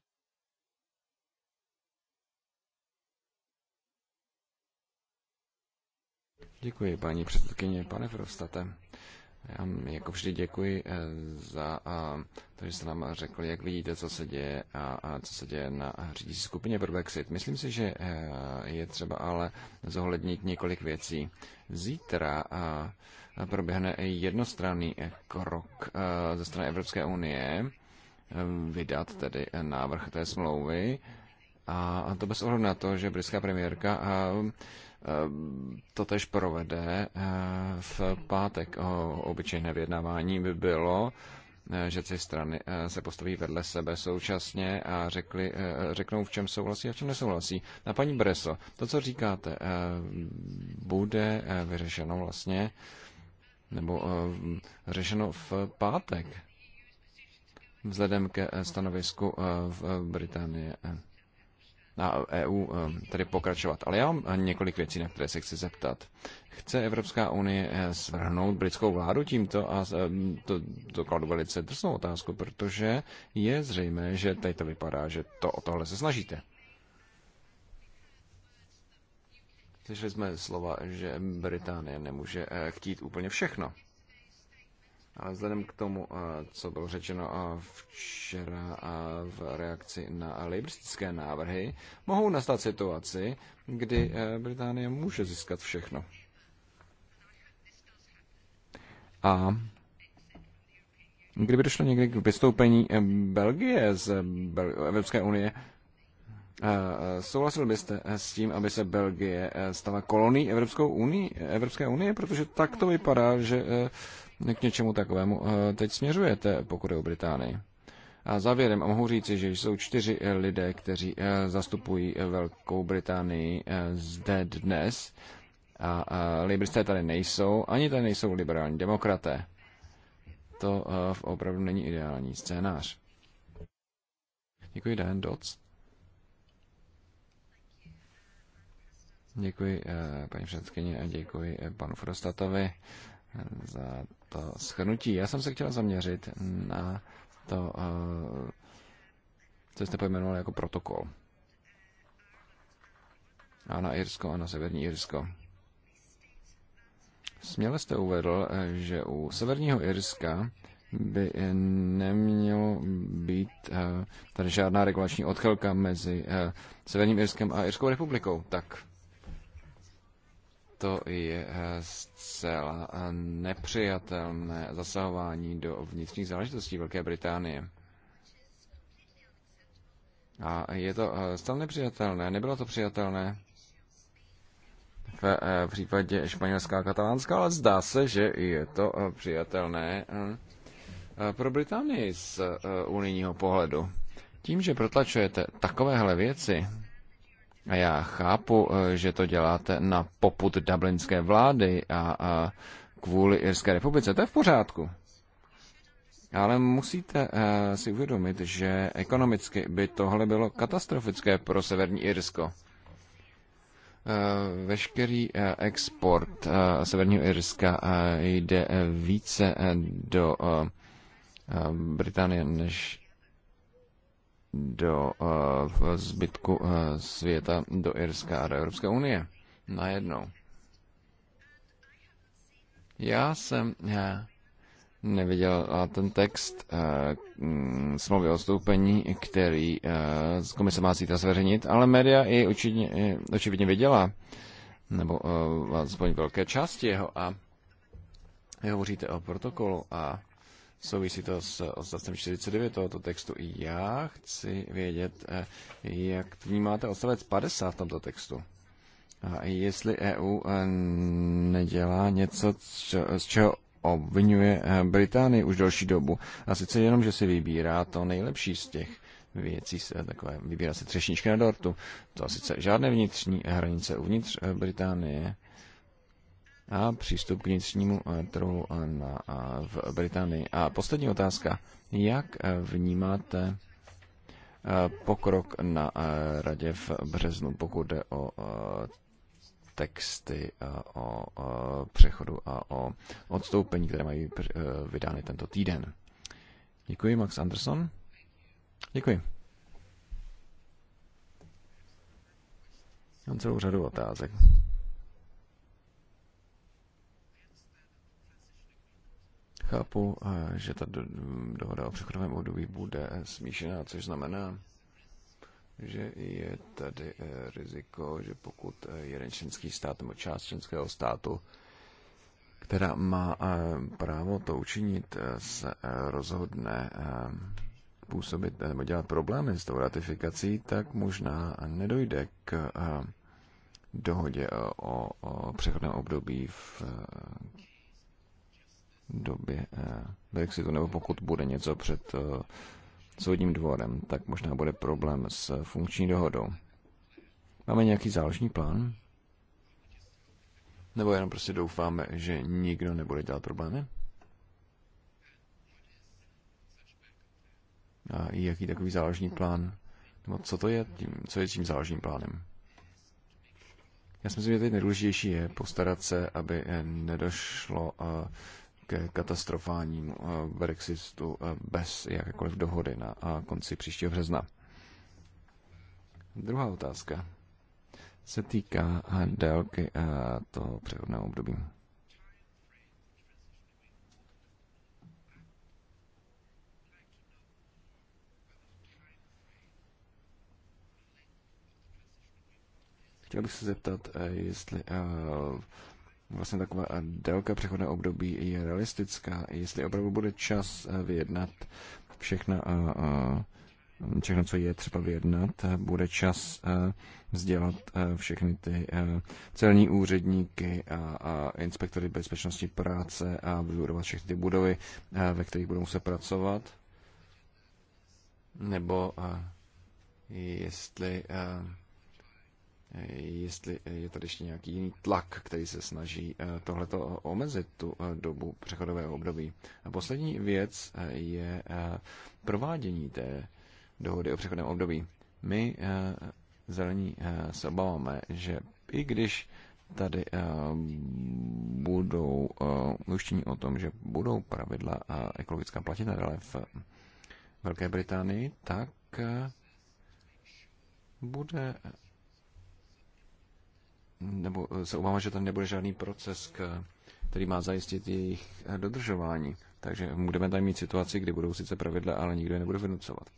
Děkuji, paní předsedkyně, pane Frostate. Já jako vždy děkuji eh, za eh, to, že jste nám řekli, jak vidíte, co se děje a co se děje na řídící skupině pro Brexit. Myslím si, že eh, je třeba ale zohlednit několik věcí. Zítra proběhne jednostranný krok ze strany Evropské unie vydat tedy návrh té smlouvy a to bez ohledu na to, že britská premiérka Ehm, to tež provede eh, v pátek. O obyčejné vyjednávání by bylo, eh, že ty strany eh, se postaví vedle sebe současně a řekli, řeknou, v čem souhlasí a v čem nesouhlasí. Na paní Breso, to, co říkáte, bude vyřešeno vlastně, nebo řešeno v pátek, vzhledem ke stanovisku v Británie na EU tedy pokračovat. Ale já mám několik věcí, na které se chci zeptat. Chce Evropská unie eh, svrhnout britskou vládu tímto? A to, to kladu velice drsnou otázku, protože je zřejmé, že tady to vypadá, že to o tohle se snažíte. Slyšeli jsme slova, že Británie nemůže eh, chtít úplně všechno. Ale vzhledem k tomu, co bylo řečeno včera v reakci na libristické návrhy, mohou nastat situaci, kdy e, Británie může získat všechno. A kdyby došlo někdy k vystoupení e, Belgie z Evropské unie, e, Souhlasil byste s tím, aby se Belgie stala kolonií Evropskou unii, Evropské unie? Protože tak to vypadá, že k něčemu takovému eh, teď směřujete, pokud je o Británii. A závěrem mohu říci, že jsou čtyři eh, lidé, kteří eh, zastupují Velkou Británii zde dnes. A, liberisté tady nejsou, ani tady nejsou liberální demokraté. To opravdu není ideální scénář. Děkuji, Dan Dodds. Děkuji paní předsedkyni a děkuji panu Frostatovi za to schrnutí. Já jsem se chtěl zaměřit na to, eh, co jste pojmenoval jako protokol. A na Irsko a na Severní Irsko. Směle jste uvedl, eh, že u Severního Irska by eh, nemělo být tady žádná regulační odchylka mezi Severním Irskem a Irskou republikou. Tak to je eh, zcela eh, nepřijatelné zasahování do vnitřních záležitostí Velké Británie. A je to eh, zcela nepřijatelné, nebylo to přijatelné v případě španělská a katalánská, ale zdá se, že je to přijatelné pro Británii z unijního pohledu. Tím, že protlačujete takovéhle věci, a já chápu, eh, že to děláte na poput dublinské vlády a, a kvůli Irské republice. To je v pořádku. Ale musíte uh, si uvědomit, že ekonomicky by tohle bylo katastrofické pro Severní Irsko. Uh, veškerý uh, export uh, Severního Irska uh, jde uh, více uh, do uh, Británie než do eh, zbytku eh, světa, do Irska a do Evropské unie. Najednou. Já jsem eh, neviděl ten text mm, smlouvy o stoupení, který z komise má zítra zveřejnit, ale média i očividně, očividně viděla, nebo aspoň velké části jeho a vy hovoříte o protokolu a Souvisí to s odstavcem 49 tohoto textu. I já chci vědět, eh, jak vnímáte odstavec 50 v tomto textu. A jestli EU eh, nedělá něco, z čeho obvinuje eh, Británii už další dobu. A sice jenom, že si vybírá to nejlepší z těch věcí, takové, vybírá se třešničky na dortu. To sice žádné vnitřní hranice uvnitř Británie, a přístup k vnitřnímu eh, trhu eh, na, a v Británii. A poslední otázka. Jak eh, vnímáte pokrok na radě v březnu, pokud jde o texty o přechodu a o odstoupení, které mají vydány tento týden? Děkuji, Max Anderson. Děkuji. Mám celou řadu otázek. chápu, eh, že ta dohoda o přechodovém období bude smíšená, což znamená, že je tady eh, riziko, že pokud eh, jeden členský stát nebo část členského státu, která má právo to učinit, se rozhodne působit nebo dělat problémy s tou ratifikací, tak možná nedojde k dohodě o, o přechodném období v době eh, Brexitu, nebo pokud bude něco před eh, soudním dvorem, tak možná bude problém s eh, funkční dohodou. Máme nějaký záložní plán? Nebo jenom prostě doufáme, že nikdo nebude dělat problémy? A jaký takový záložní plán? Nebo co to je tím, co je tím záložním plánem? Já si myslím, že teď nejdůležitější je postarat se, aby nedošlo ke katastrofálním eh, Brexitu eh, bez jakékoliv dohody na eh, konci příštího března. Druhá otázka se týká délky toho přechodného období. Chtěl bych se zeptat, jestli vlastně taková délka přechodné období je realistická. Jestli opravdu bude čas eh, vyjednat všechno, eh, eh, všechno, co je třeba vyjednat, bude čas vzdělat všechny ty celní úředníky a inspektory bezpečnosti práce a vybudovat všechny ty budovy, ve kterých budou muset pracovat? Nebo jestli jestli je tady ještě nějaký jiný tlak, který se snaží eh, tohleto omezit, tu eh, dobu přechodového období. A poslední věc eh, je provádění té dohody o přechodném období. My zelení se obáváme, že i když tady budou ujištění o tom, že budou pravidla a ekologická platit nadále v Velké Británii, tak bude nebo eh, se obává, že tam nebude žádný proces, který má zajistit jejich eh, dodržování. Takže budeme tady mít situaci, kdy budou sice pravidla, ale nikdo je nebude vynucovat.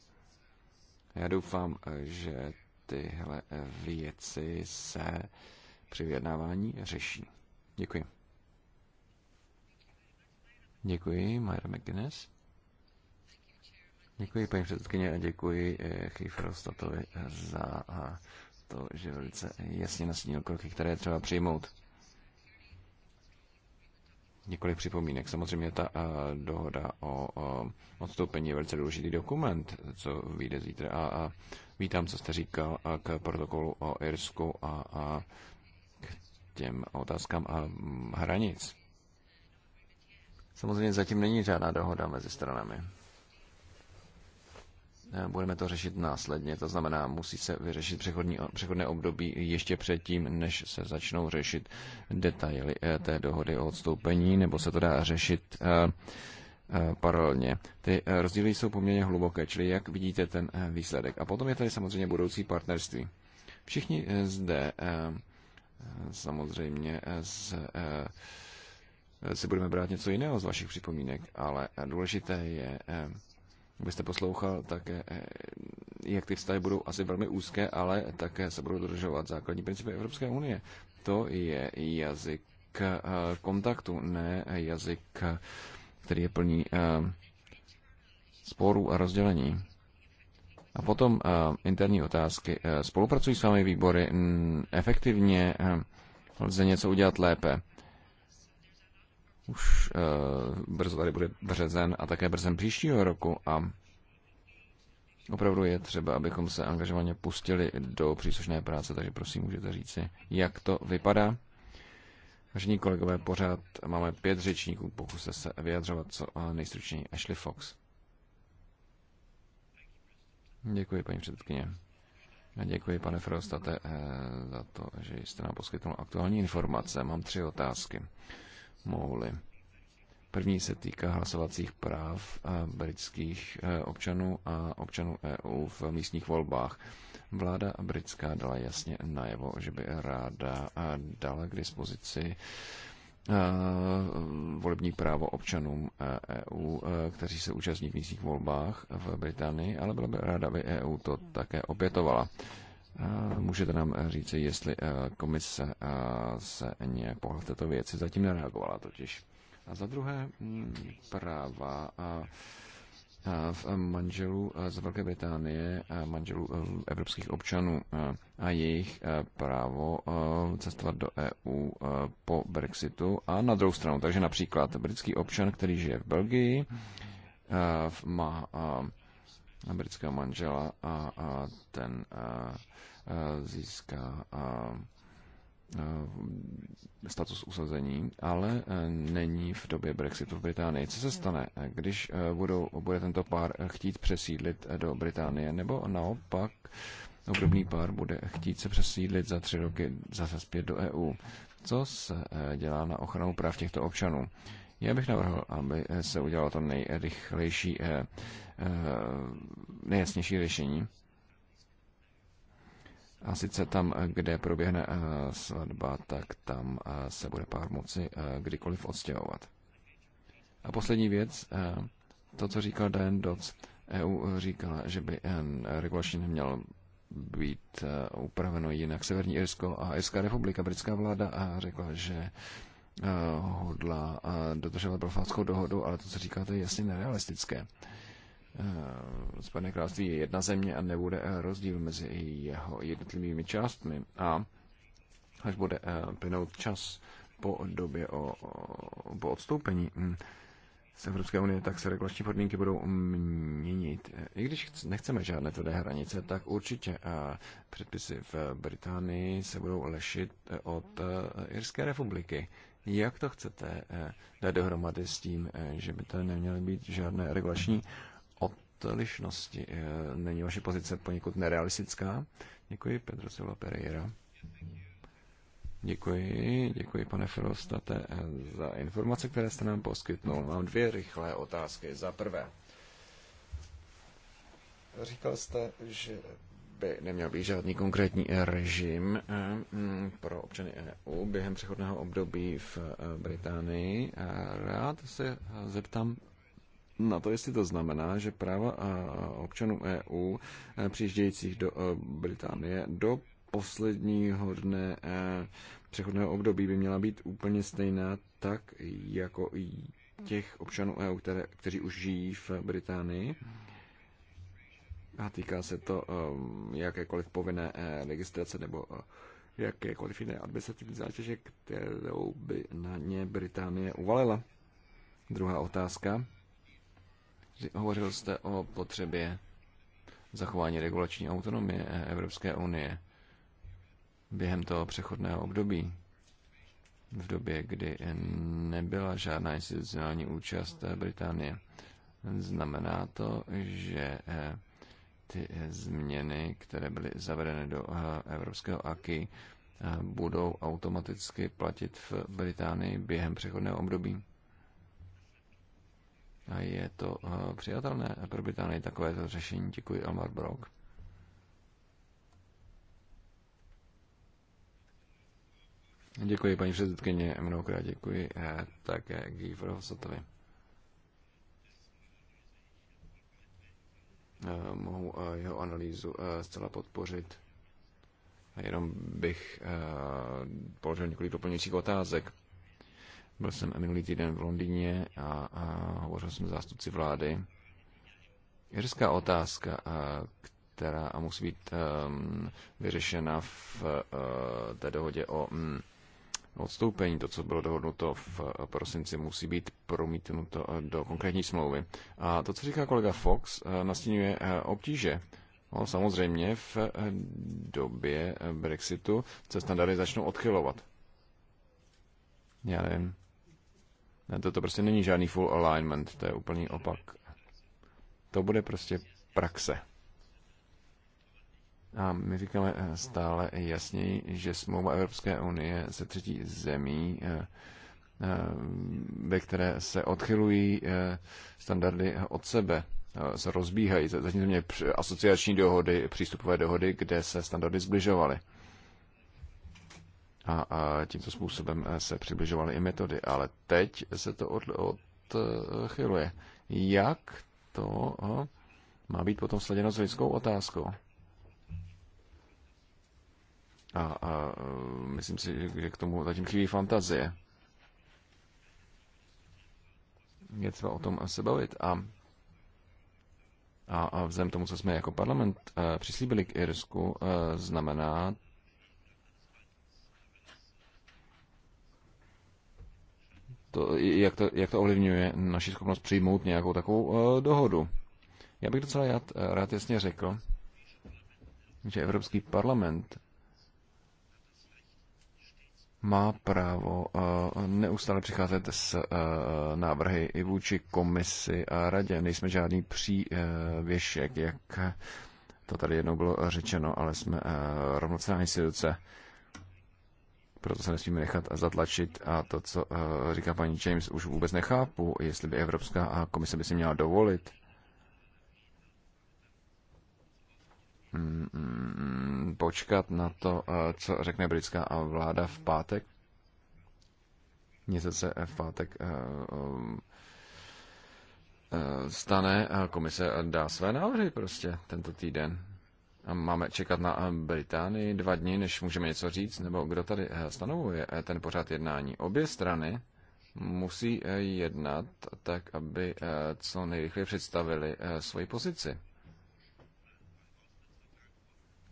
Já doufám, eh, že tyhle věci se při vyjednávání řeší. Děkuji. Děkuji, Majra McGuinness. Děkuji, paní předsedkyně, a děkuji Chyfrostatovi za to, že velice jasně nastínil kroky, které třeba přijmout. Několik připomínek. Samozřejmě ta a, eh, dohoda o, o odstoupení je velice důležitý dokument, co vyjde zítra. A, a vítám, co jste říkal a k protokolu o Irsku a, a k těm otázkám a hm, hranic. Samozřejmě zatím není žádná dohoda mezi stranami budeme to řešit následně, to znamená, musí se vyřešit přechodní, přechodné období ještě předtím, než se začnou řešit detaily eh, té dohody o odstoupení, nebo se to dá řešit eh, eh, paralelně. Ty rozdíly jsou poměrně hluboké, čili jak vidíte ten výsledek. A potom je tady samozřejmě budoucí partnerství. Všichni zde samozřejmě z si budeme brát něco jiného z vašich připomínek, ale důležité je byste poslouchal tak eh, jak ty vztahy budou asi velmi úzké, ale také se budou dodržovat základní principy Evropské unie. To je jazyk eh, kontaktu, ne jazyk, který je plný eh, sporů a rozdělení. A potom interní otázky. Spolupracují s vámi výbory efektivně? Lze něco udělat lépe? už uh, brzo tady bude březen a také březen příštího roku a opravdu je třeba, abychom se angažovaně pustili do příslušné práce, takže prosím, můžete říci, jak to vypadá. Vážení kolegové, pořád máme pět řečníků, pokuste se vyjadřovat co eh, nejstručněji Ashley Fox. Děkuji, paní předsedkyně. A děkuji, pane Frostate, eh, za to, že jste nám poskytnul aktuální informace. Mám tři otázky mohli. První se týká hlasovacích práv eh, britských eh, občanů a občanů EU v místních volbách. Vláda britská dala jasně najevo, že by ráda eh, dala k dispozici volební právo občanům EU, e kteří se účastní v místních volbách v Británii, ale byla by ráda, aby EU to také opětovala. Eh, můžete nám eh, říct, jestli eh, komise se nějak v této věci zatím nereagovala totiž. A za druhé mm, práva v manželů z Velké Británie, manželů evropských občanů a jejich právo cestovat do EU po Brexitu a na druhou stranu. Takže například britský občan, který žije v Belgii, má amerického manžela a, a ten a, a získá a, a status usazení, ale e, není v době Brexitu v Británii. Co se stane, když e, budou, bude tento pár chtít přesídlit do Británie, nebo naopak obdobný pár bude chtít se přesídlit za tři roky zase zpět do EU? Co se e, dělá na ochranu práv těchto občanů? Já bych navrhl, aby eh, se udělalo to nejrychlejší, eh, eh, nejjasnější řešení. A sice tam, kde proběhne svatba, tak tam se bude pár moci kdykoliv odstěhovat. A poslední věc, to, co říkal Dan Dodds, EU říkala, že by regulačně neměl být upraveno jinak Severní Irsko a Irská republika, britská vláda a řekla, že Eh, hodla eh, dodržovat Belfátskou dohodu, ale to, co říkáte, je jasně nerealistické. Eh, Spojené království je jedna země a nebude rozdíl mezi jeho jednotlivými částmi. A až bude plynout čas po době o, o, po odstoupení hm, z Evropské unie, tak se regulační podmínky budou měnit. I když nechceme žádné tvrdé hranice, tak určitě předpisy v Británii se budou lešit od Irské republiky, jak to chcete eh, dát dohromady s tím, eh, že by to neměly být žádné regulační odlišnosti? Eh, není vaše pozice poněkud nerealistická? Děkuji, Pedro Silva Pereira. Děkuji, děkuji pane Filostate za informace, které jste nám poskytnul. Mám dvě rychlé otázky. Za prvé, říkal jste, že by neměl být žádný konkrétní režim eh, mm, pro občany EU během přechodného období v eh, Británii. Rád se zeptám na to, jestli to znamená, že práva eh, občanů EU přijíždějících do Británie do posledního dne přechodného období by měla být úplně stejná, tak jako i těch občanů EU, které, kteří už žijí v Británii. A týká se to um, jakékoliv povinné eh, registrace nebo eh, jakékoliv jiné administrativní zátěže, kterou by na ně Británie uvalila. Druhá otázka. Hovořil jste o potřebě zachování regulační autonomie eh, Evropské unie během toho přechodného období, v době, kdy nebyla žádná institucionální účast Británie. Znamená to, že ty změny, které byly zavedeny do eh, evropského AKI, eh, budou automaticky platit v Británii během přechodného období. A je to eh, přijatelné pro Británii takovéto řešení? Děkuji, Elmar Brock. Děkuji, paní předsedkyně, mnohokrát děkuji také Guy Verhofstadtovi. Eh, mohu eh, jeho analýzu eh, zcela podpořit. Jenom bych položil několik doplňujících otázek. Byl jsem minulý týden v Londýně a, hovořil jsem s zástupci vlády. Jirská otázka, která musí být ehm, vyřešena v té dohodě o mm, odstoupení, to, co bylo dohodnuto v prosinci, musí být promítnuto do konkrétní smlouvy. A to, co říká kolega Fox, eh, nastínuje eh, obtíže. No, samozřejmě v eh, době Brexitu se standardy začnou odchylovat. Já nevím. To, to prostě není žádný full alignment, to je úplný opak. To bude prostě praxe. A my říkáme eh, stále jasněji, že smlouva Evropské unie se třetí zemí, eh, eh, ve které se odchylují standardy od sebe, se rozbíhají. Zatím mě asociační dohody, přístupové dohody, kde se standardy zbližovaly. A, a tímto způsobem se přibližovaly i metody. Ale teď se to od, odchyluje. Jak to má být potom sleděno s lidskou otázkou? A, a e, myslím si, že k tomu zatím chybí fantazie. Je třeba o tom se bavit. A, a, a vzhledem tomu, co jsme jako parlament e, přislíbili k Irsku, e, znamená to, jak, to, jak to ovlivňuje naši schopnost přijmout nějakou takovou uh, dohodu. Já bych docela rád, e, rád jasně řekl, že Evropský parlament má právo eh, neustále přicházet s eh, návrhy i vůči komisi a radě. Nejsme žádný přívěšek, jak to tady jednou bylo řečeno, ale jsme eh, rovnocená instituce. Proto se nesmíme nechat zatlačit a to, co říká paní James, už vůbec nechápu, jestli by Evropská komise by si měla dovolit Mm, počkat na to, eh, co řekne britská vláda v pátek? Něco se eh, v pátek eh, stane, komise dá své návrhy prostě tento týden. A máme čekat na Británii dva dny, než můžeme něco říct, nebo kdo tady stanovuje ten pořád jednání. Obě strany musí jednat tak, aby co nejrychleji představili svoji pozici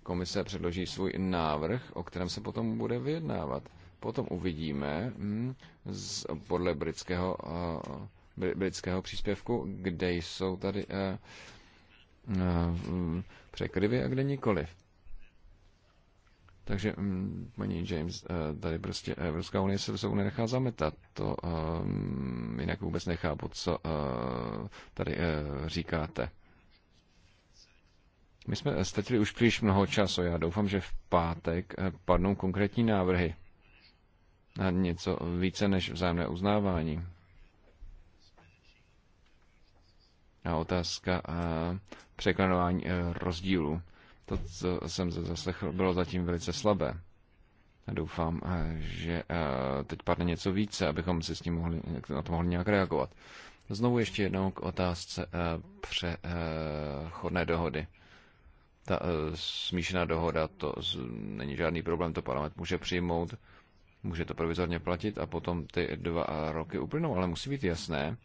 komise předloží svůj návrh, o kterém se potom bude vyjednávat. Potom uvidíme hm, z, podle britského, eh, britského příspěvku, kde jsou tady eh, eh, překryvy a kde nikoliv. Takže hm, paní James, tady prostě Evropská unie se vysokou nenechá zametat. To um, jinak vůbec nechápu, co uh, tady uh, říkáte. My jsme eh, ztratili už příliš mnoho času. Já doufám, že v pátek eh, padnou konkrétní návrhy na něco více než vzájemné uznávání. A otázka a eh, překlenování rozdílu. To, co jsem zaslechl, bylo zatím velice slabé. A doufám, že teď padne něco více, abychom si s tím mohli, na to mohli nějak reagovat. Znovu ještě jednou k otázce přechodné dohody ta eh, smíšená dohoda, to není žádný problém, to parlament může přijmout, může to provizorně platit a potom ty dva eh, roky uplynou, ale musí být jasné,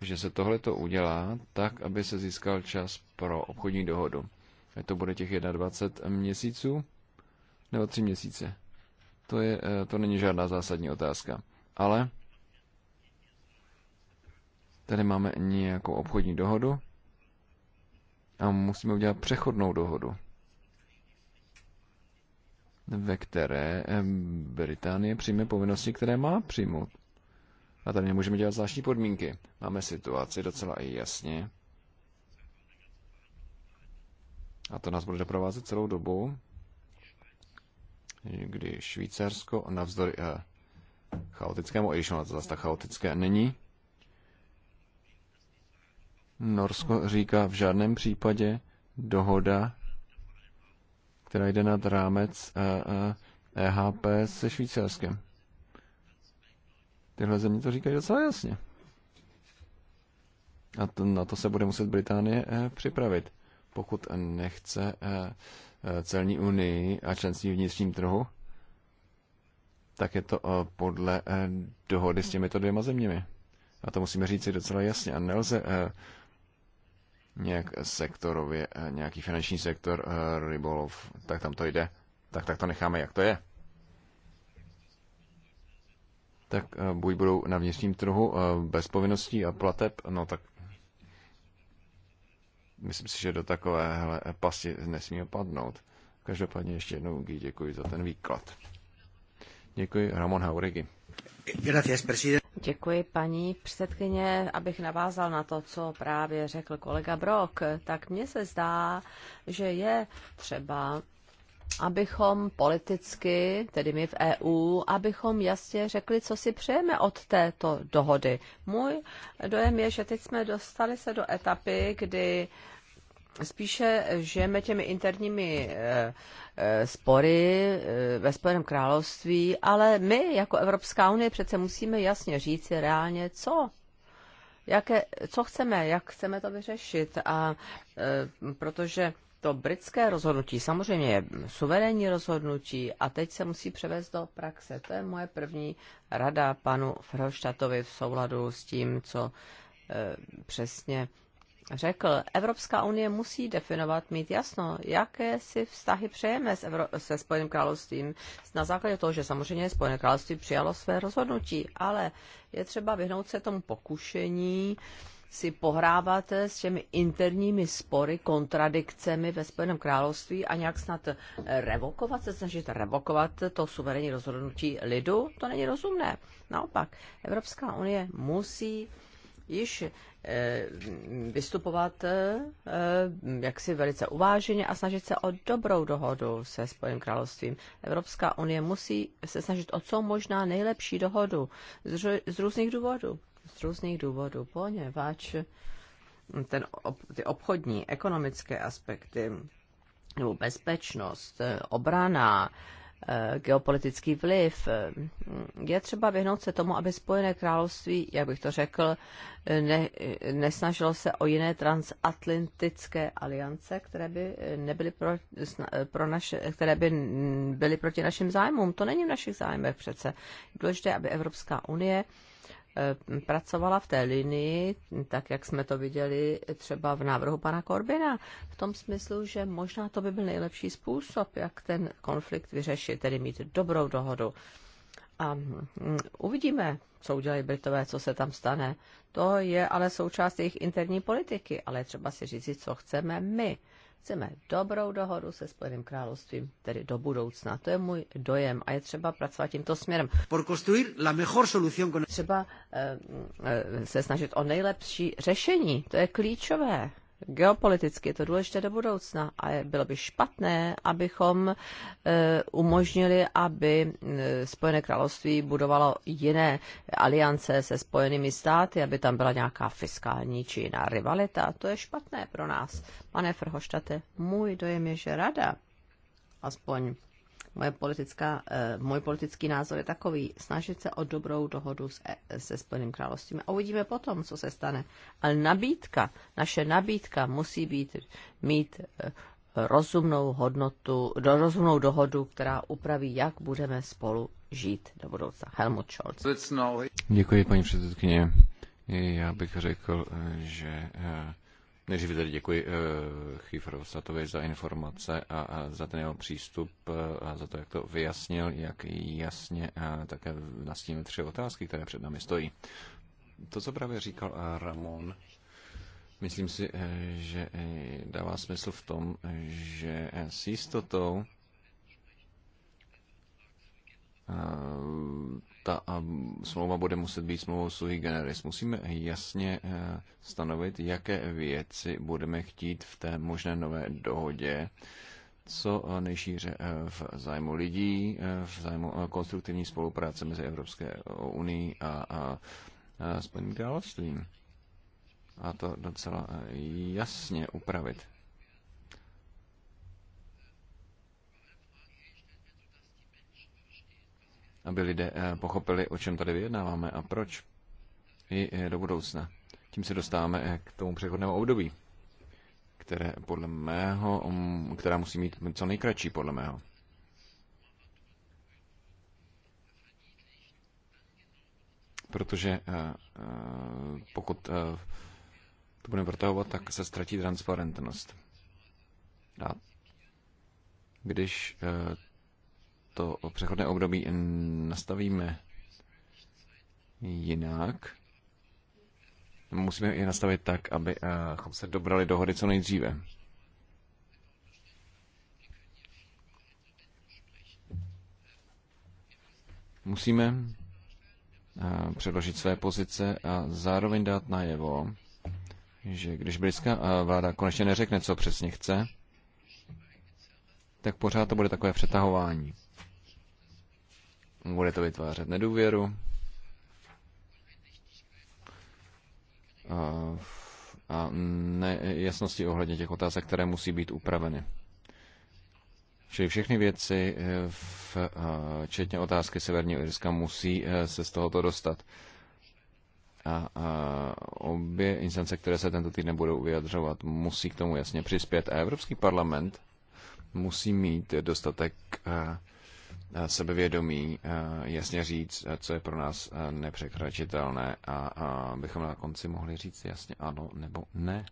že se tohle to udělá tak, aby se získal čas pro obchodní dohodu. Je to bude těch 21 měsíců nebo 3 měsíce. To, je, eh, to není žádná zásadní otázka. Ale tady máme nějakou obchodní dohodu a musíme udělat přechodnou dohodu, ve které eh, Británie přijme povinnosti, které má přijmout. A tady nemůžeme dělat zvláštní podmínky. Máme situaci docela i jasně. A to nás bude doprovázet celou dobu, kdy Švýcarsko navzdory eh, chaotickému, i když ono to zase tak chaotické není, Norsko říká v žádném případě dohoda, která jde nad rámec EHP eh, e se Švýcarskem. Tyhle země to říkají docela jasně. A to, na to se bude muset Británie eh, připravit, pokud nechce eh, celní unii a členství vnitřním trhu, tak je to podle dohody s těmito dvěma zeměmi. A to musíme říct si docela jasně. A nelze nějak sektorově, eh, nějaký finanční sektor eh, rybolov, tak tam to jde. Tak, tak to necháme, jak to je. Tak eh, buď budou na vnitřním trhu bez povinností a plateb, no tak myslím si, že do takovéhle pasti nesmí opadnout. Každopádně ještě jednou děkuji za ten výklad. Děkuji, Ramon Haurigi. Děkuji, paní předsedkyně. Abych navázal na to, co právě řekl kolega Brok, tak mně se zdá, že je třeba abychom politicky, tedy my v EU, abychom jasně řekli, co si přejeme od této dohody. Můj dojem je, že teď jsme dostali se do etapy, kdy spíše žijeme těmi interními eh, eh, spory eh, ve Spojeném království, ale my jako Evropská unie přece musíme jasně říci reálně, co jaké, co chceme, jak chceme to vyřešit. A e, protože to britské rozhodnutí samozřejmě je suverénní rozhodnutí a teď se musí převést do praxe. To je moje první rada panu Froštatovi v souladu s tím, co e, přesně řekl, Evropská unie musí definovat, mít jasno, jaké si vztahy přejeme s Evro- se Spojeným královstvím. Na základě toho, že samozřejmě Spojené království přijalo své rozhodnutí, ale je třeba vyhnout se tomu pokušení si pohrávat s těmi interními spory, kontradikcemi ve Spojeném království a nějak snad revokovat, se snažit revokovat to suverénní rozhodnutí lidu, to není rozumné. Naopak, Evropská unie musí již eh, vystupovat eh, eh, jaksi velice uváženě a snažit se o dobrou dohodu se Spojeným královstvím. Evropská unie musí se snažit o co možná nejlepší dohodu z různých důvodů. Z různých důvodů, poněvadž ten, ty obchodní, ekonomické aspekty nebo bezpečnost, obrana, geopolitický vliv. Je třeba vyhnout se tomu, aby Spojené království, jak bych to řekl, ne, nesnažilo se o jiné transatlantické aliance, které by, nebyly pro, pro naše, které by byly proti našim zájmům. To není v našich zájmech přece. Důležité, aby Evropská unie Eh, pracovala v té linii, tak jak jsme to viděli třeba v návrhu pana Korbina, v tom smyslu, že možná to by byl nejlepší způsob, jak ten konflikt vyřešit, tedy mít dobrou dohodu. A mm, uvidíme, co udělají Britové, co se tam stane. To je ale součást jejich interní politiky, ale třeba si říct, co chceme my. Chceme dobrou dohodu se Spojeným královstvím, tedy do budoucna. To je můj dojem a je třeba pracovat tímto směrem. la mejor con... Třeba eh, eh, se snažit o nejlepší řešení, to je klíčové. Geopoliticky je to důležité do budoucna a bylo by špatné, abychom e, umožnili, aby e, Spojené království budovalo jiné aliance se Spojenými státy, aby tam byla nějaká fiskální či jiná rivalita. To je špatné pro nás. Pane Frhoštate, můj dojem je, že rada, aspoň Moje politická, eh, můj politický názor je takový, snažit se o dobrou dohodu s, e- se Spojeným královstvím a uvidíme potom, co se stane. Ale nabídka, naše nabídka musí být mít eh, rozumnou hodnotu, do rozumnou dohodu, která upraví, jak budeme spolu žít do budoucna. Helmut Scholz. No- Děkuji, paní předsedkyně. Já bych řekl, eh, že vy tady děkuji eh, Chyfrovstatovi za informace a za ten jeho přístup eh, a za to, jak to vyjasnil, jak jasně eh, také nastínil tři otázky, které před námi stojí. To, co právě říkal Ramon, myslím si, že dává smysl v tom, že s jistotou Eh, ta smlouva bude muset být smlouvou sui generis. Musíme jasně eh, stanovit, jaké věci budeme chtít v té možné nové dohodě co eh, nejšíře v zájmu lidí, v zájmu konstruktivní spolupráce mezi Evropské unii a, a, a Spojeným královstvím. A to docela jasně upravit. aby lidé eh, pochopili, o čem tady vyjednáváme a proč. I eh, do budoucna. Tím se dostáváme eh, k tomu přechodnému období, které podle mého, mm, která musí mít co nejkratší podle mého. Protože pokud to budeme protahovat, tak se ztratí transparentnost. A když to přechodné období nastavíme jinak, musíme je nastavit tak, abychom se dobrali dohody co nejdříve. Musíme eh, předložit své pozice a zároveň dát najevo, že když britská eh, vláda konečně neřekne, co přesně chce, tak pořád to bude takové přetahování. Bude to vytvářet nedůvěru. A nejasnosti ohledně těch otázek, které musí být upraveny. Čili všechny věci, eh, eh, včetně otázky Severního Irska, musí eh, se z tohoto dostat. A, a obě instance, které se tento týden budou vyjadřovat, musí k tomu jasně přispět. A Evropský parlament musí mít dostatek a, sebevědomí jasně říct, co je pro nás nepřekračitelné a, bychom na konci mohli říct jasně ano nebo ne.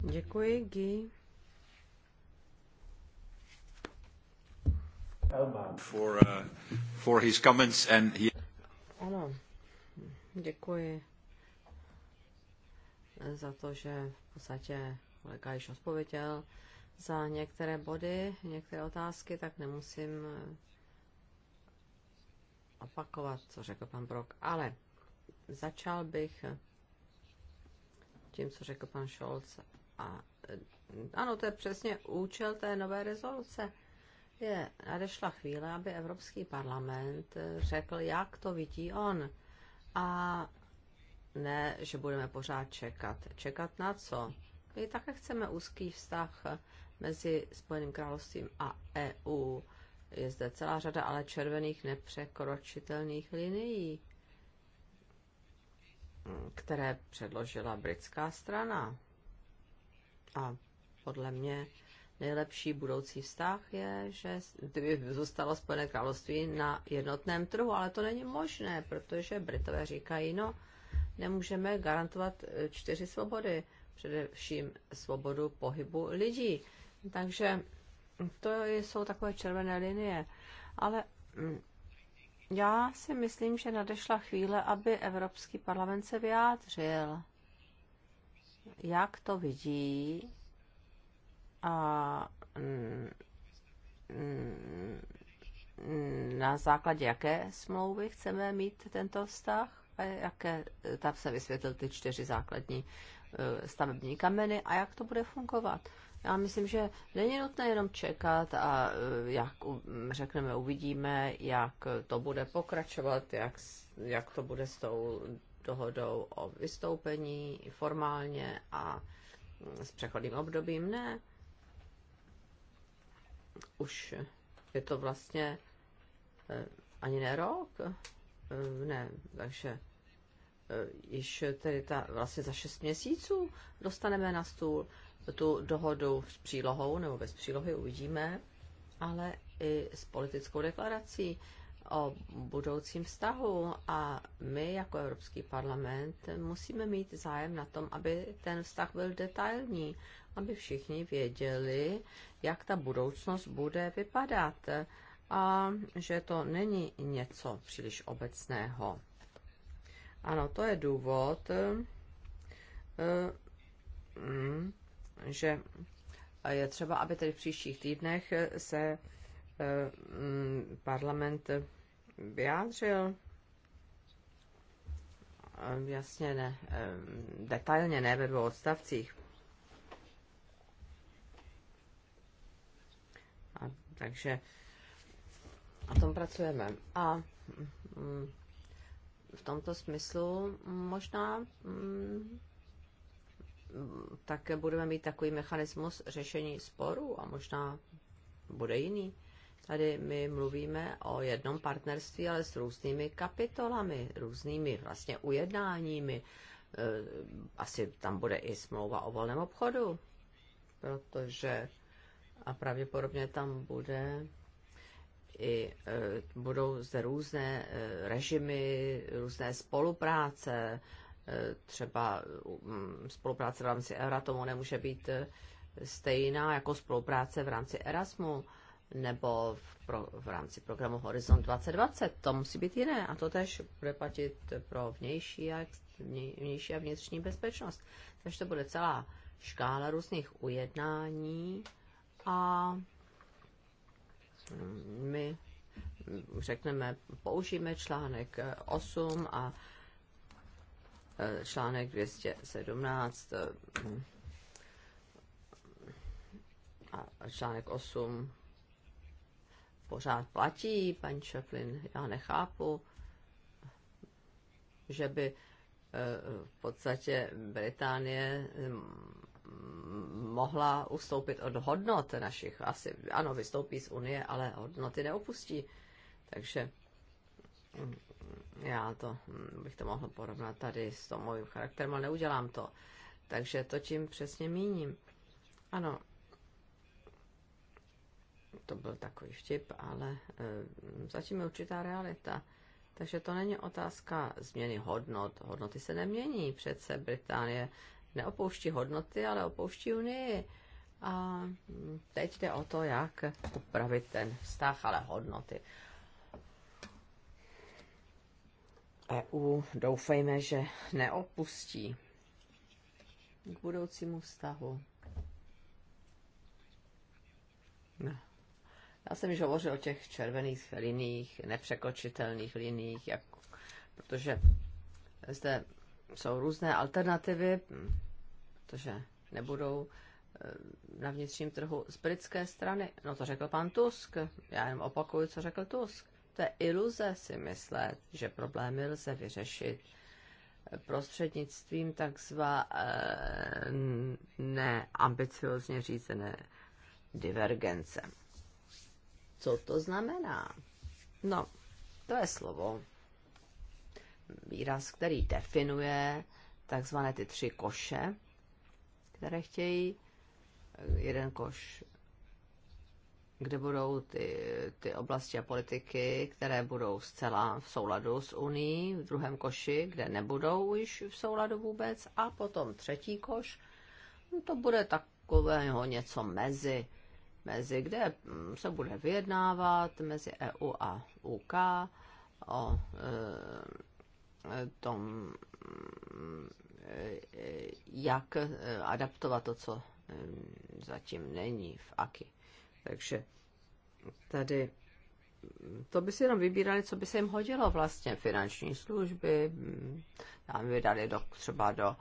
Děkuji, Guy. For, uh, for his comments and he... Ano, děkuji za to, že v podstatě kolega již odpověděl za některé body, některé otázky, tak nemusím eh, opakovat, co řekl pan Brok. Ale začal bych eh, tím, co řekl pan Scholz. A, eh, ano, to je přesně účel té nové rezoluce. Je, nadešla chvíle, aby Evropský parlament řekl, jak to vidí on. A ne, že budeme pořád čekat. Čekat na co? My také chceme úzký vztah mezi Spojeným královstvím a EU. Je zde celá řada ale červených nepřekročitelných linií, které předložila britská strana. A podle mě nejlepší budoucí vztah je, že kdyby zůstalo Spojené království na jednotném trhu, ale to není možné, protože Britové říkají, no, nemůžeme garantovat eh, čtyři svobody, především svobodu pohybu lidí. Takže to jsou takové červené linie. Ale já si myslím, že nadešla chvíle, aby Evropský parlament se vyjádřil, jak to vidí a na základě jaké smlouvy chceme mít tento vztah a jaké, tam se vysvětlil ty čtyři základní eh, stavební kameny a jak to bude fungovat. Já myslím, že není nutné jenom čekat a eh, jak hm, řekneme, uvidíme, jak to bude pokračovat, jak, jak to bude s tou dohodou o vystoupení formálně a hm, s přechodným obdobím. Ne. Už je to vlastně eh, ani ne rok, eh, ne, takže již tedy ta, vlastně za šest měsíců dostaneme na stůl tu dohodu s přílohou nebo bez přílohy uvidíme, ale i s politickou deklarací o budoucím vztahu a my jako Evropský parlament musíme mít zájem na tom, aby ten vztah byl detailní, aby všichni věděli, jak ta budoucnost bude vypadat a že to není něco příliš obecného. Ano, to je důvod, eh, mm, že je třeba, aby tedy v příštích týdnech se eh, mm, parlament vyjádřil eh, jasně ne, eh, detailně ne ve dvou odstavcích. A, takže na tom pracujeme. A mm, v tomto smyslu možná mm, tak budeme mít takový mechanismus řešení sporů a možná bude jiný. Tady my mluvíme o jednom partnerství, ale s různými kapitolami, různými vlastně ujednáními. E, asi tam bude i smlouva o volném obchodu, protože a pravděpodobně tam bude i e, budou zde různé e, režimy, různé spolupráce, Eh, třeba mm, spolupráce v rámci Euratomu nemůže být eh, stejná jako spolupráce v rámci Erasmu nebo v, pro, v rámci programu Horizont 2020. To musí být jiné a to tež bude platit pro vnější a, vnější a vnitřní bezpečnost. Takže to bude celá škála různých ujednání a mm, my řekneme, použijeme článek 8 a Eh, článek 217 eh, a článek 8 pořád platí, paní Chaplin, já nechápu, že by eh, v podstatě Británie hm, mohla ustoupit od hodnot našich. Asi, ano, vystoupí z Unie, ale hodnoty neopustí. Takže hm, já to hm, bych to mohl porovnat tady s tom mojím charakterem, ale neudělám to. Takže to tím přesně míním. Ano, to byl takový vtip, ale e, zatím je určitá realita. Takže to není otázka změny hodnot. Hodnoty se nemění. Přece Británie neopouští hodnoty, ale opouští Unii. A teď jde o to, jak upravit ten vztah, ale hodnoty. EU doufejme, že neopustí k budoucímu vztahu. No. Já jsem již hovořil o těch červených liních, nepřekočitelných liních, jak, protože zde jsou různé alternativy, protože nebudou eh, na vnitřním trhu z britské strany. No to řekl pan Tusk. Já jenom opakuju, co řekl Tusk. To je iluze si myslet, že problémy lze vyřešit prostřednictvím takzvané neambiciozně řízené divergence. Co to znamená? No, to je slovo, výraz, který definuje takzvané ty tři koše, které chtějí jeden koš kde budou ty, ty oblasti a politiky, které budou zcela v souladu s Unii, v druhém koši, kde nebudou již v souladu vůbec, a potom třetí koš, no to bude takového něco mezi, mezi, kde se bude vyjednávat mezi EU a UK o e, tom, e, jak adaptovat to, co e, zatím není v AKI. Takže tady to by si jenom vybírali, co by se jim hodilo vlastně. Finanční služby, mm, nám vydali do, třeba do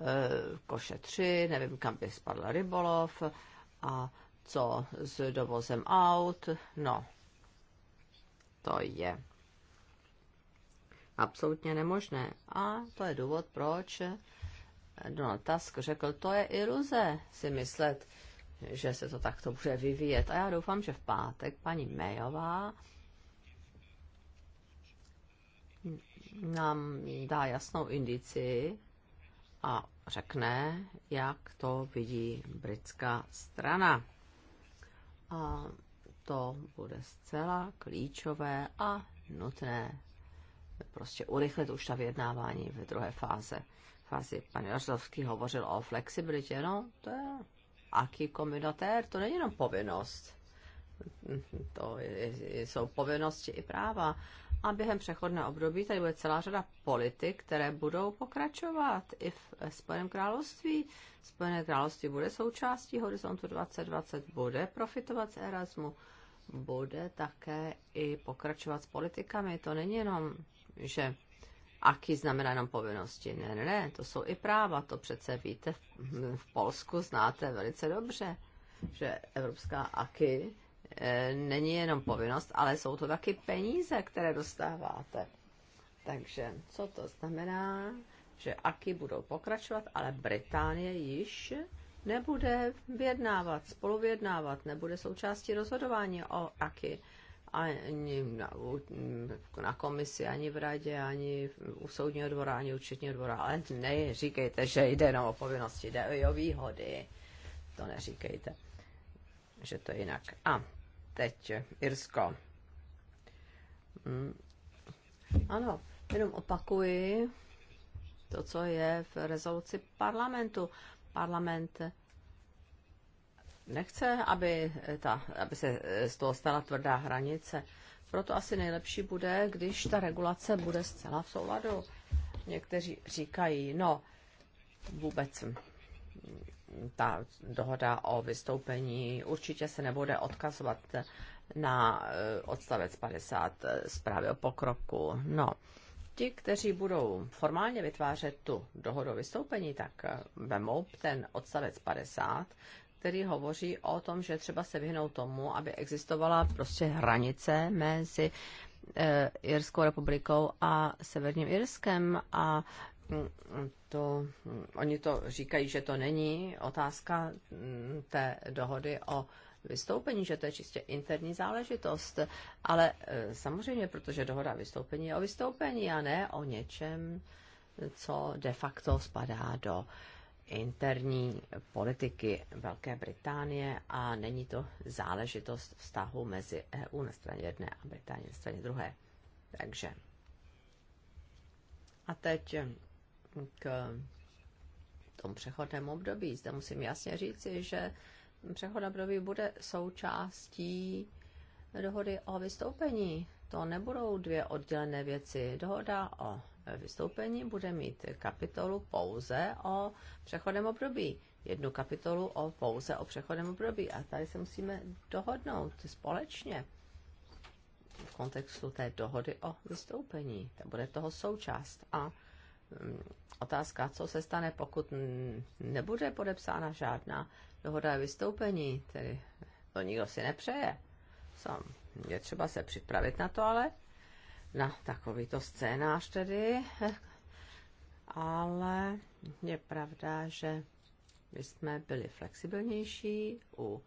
e, koše 3, nevím, kam by spadl rybolov a co s dovozem aut. No, to je absolutně nemožné. A to je důvod, proč Donald Tusk řekl, to je iluze si myslet, že se to takto bude vyvíjet. A já doufám, že v pátek paní Mejová nám dá jasnou indici a řekne, jak to vidí britská strana. A to bude zcela klíčové a nutné prostě urychlit už ta vyjednávání ve druhé fáze. fázi pan Jaroslavský hovořil o flexibilitě, no to je aký komunitér, to není jenom povinnost. To jsou povinnosti i práva. A během přechodného období tady bude celá řada politik, které budou pokračovat i v Spojeném království. Spojené království bude součástí Horizontu 2020, bude profitovat z Erasmu, bude také i pokračovat s politikami. To není jenom, že Aky znamená jenom povinnosti. Ne, ne, ne, to jsou i práva, to přece víte, v Polsku znáte velice dobře, že Evropská aky eh, není jenom povinnost, ale jsou to taky peníze, které dostáváte. Takže co to znamená? Že aky budou pokračovat, ale Británie již nebude vyjednávat, spoluvyjednávat, nebude součástí rozhodování o aky ani na, na komisi, ani v radě, ani u soudního dvora, ani u účetního dvora. Ale říkejte, že jde jenom o povinnosti, jde o výhody. To neříkejte, že to je jinak. A teď Irsko. Hmm. Ano, jenom opakuji to, co je v rezoluci parlamentu. Parlament nechce, aby, eh, ta, aby se eh, z toho stala tvrdá hranice. Proto asi nejlepší bude, když ta regulace bude zcela v souladu. Někteří říkají, no vůbec mm, ta dohoda o vystoupení určitě se nebude odkazovat na eh, odstavec 50 zprávy o pokroku. No, ti, kteří budou formálně vytvářet tu dohodu o vystoupení, tak vemou ten odstavec 50, který hovoří o tom, že třeba se vyhnout tomu, aby existovala prostě hranice mezi e, Irskou republikou a Severním Irskem a mm, to, mm, oni to říkají, že to není otázka mm, té dohody o vystoupení, že to je čistě interní záležitost, ale e, samozřejmě, protože dohoda vystoupení je o vystoupení a ne o něčem, co de facto spadá do uh, interní politiky Velké Británie a není to záležitost vztahu mezi EU na straně jedné a Británie na straně druhé. Takže. A teď eh, k tom přechodném období. Zde musím jasně říci, že přechodné období bude součástí dohody o vystoupení. To nebudou dvě oddělené věci. Dohoda o vystoupení bude mít kapitolu pouze o přechodem období. Jednu kapitolu o pouze o přechodem období. A tady se musíme dohodnout společně v kontextu té dohody o vystoupení. To bude toho součást. A mm, otázka, co se stane, pokud nebude podepsána žádná dohoda o vystoupení, tedy to nikdo si nepřeje. Sam. Je třeba se připravit na to, ale na takovýto scénář tedy, ale je pravda, že my jsme byli flexibilnější u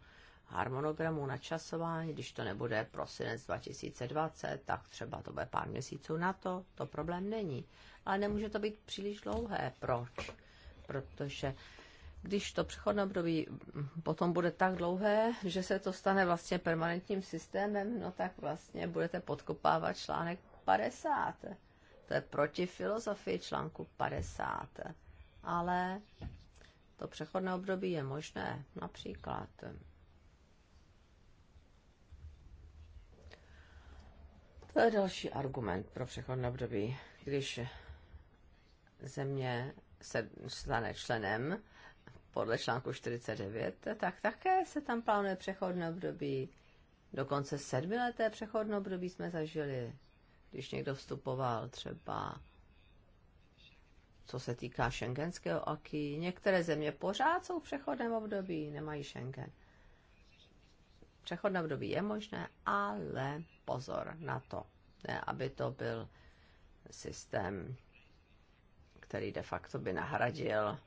harmonogramu na časování, když to nebude prosinec 2020, tak třeba to bude pár měsíců na to, to problém není. Ale nemůže to být příliš dlouhé. Proč? Protože když to přechodné období potom bude tak dlouhé, že se to stane vlastně permanentním systémem, no tak vlastně budete podkopávat článek 50. To je proti filozofii článku 50. Ale to přechodné období je možné. Například To je další argument pro přechodné období. Když země se stane členem podle článku 49, tak také se tam plánuje přechodné období. Dokonce sedmileté přechodné období jsme zažili když někdo vstupoval třeba co se týká šengenského aky, některé země pořád jsou v přechodném období, nemají Schengen. Přechodné období je možné, ale pozor na to, ne, aby to byl systém, který de facto by nahradil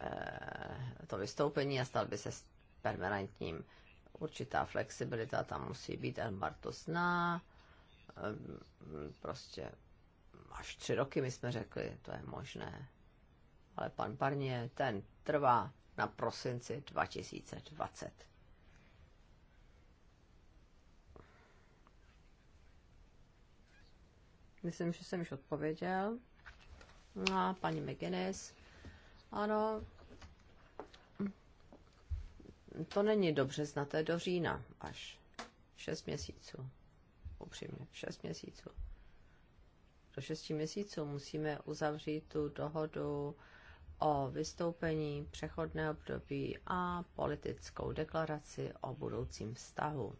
eh, to vystoupení a stal by se permanentním určitá flexibilita tam musí být, Elmar to zná, ehm, prostě až tři roky my jsme řekli, to je možné. Ale pan Barnier, ten trvá na prosinci 2020. Myslím, že jsem již odpověděl. No a paní McGuinness. Ano, to není do března, to je do října až. šest měsíců. Upřímně, šest měsíců. Do šesti měsíců musíme uzavřít tu dohodu o vystoupení, přechodné období a politickou deklaraci o budoucím vztahu.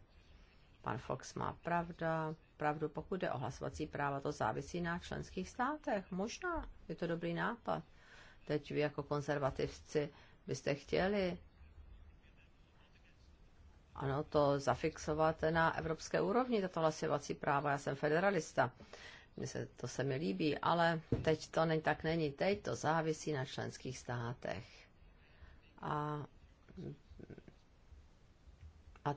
Pan Fox má pravda, pravdu, pokud jde o hlasovací práva, to závisí na členských státech. Možná je to dobrý nápad. Teď vy jako konzervativci byste chtěli ano, to zafixovat na evropské úrovni, tato hlasovací práva. Já jsem federalista, Mně se, to se mi líbí, ale teď to ne, tak není. Teď to závisí na členských státech. A a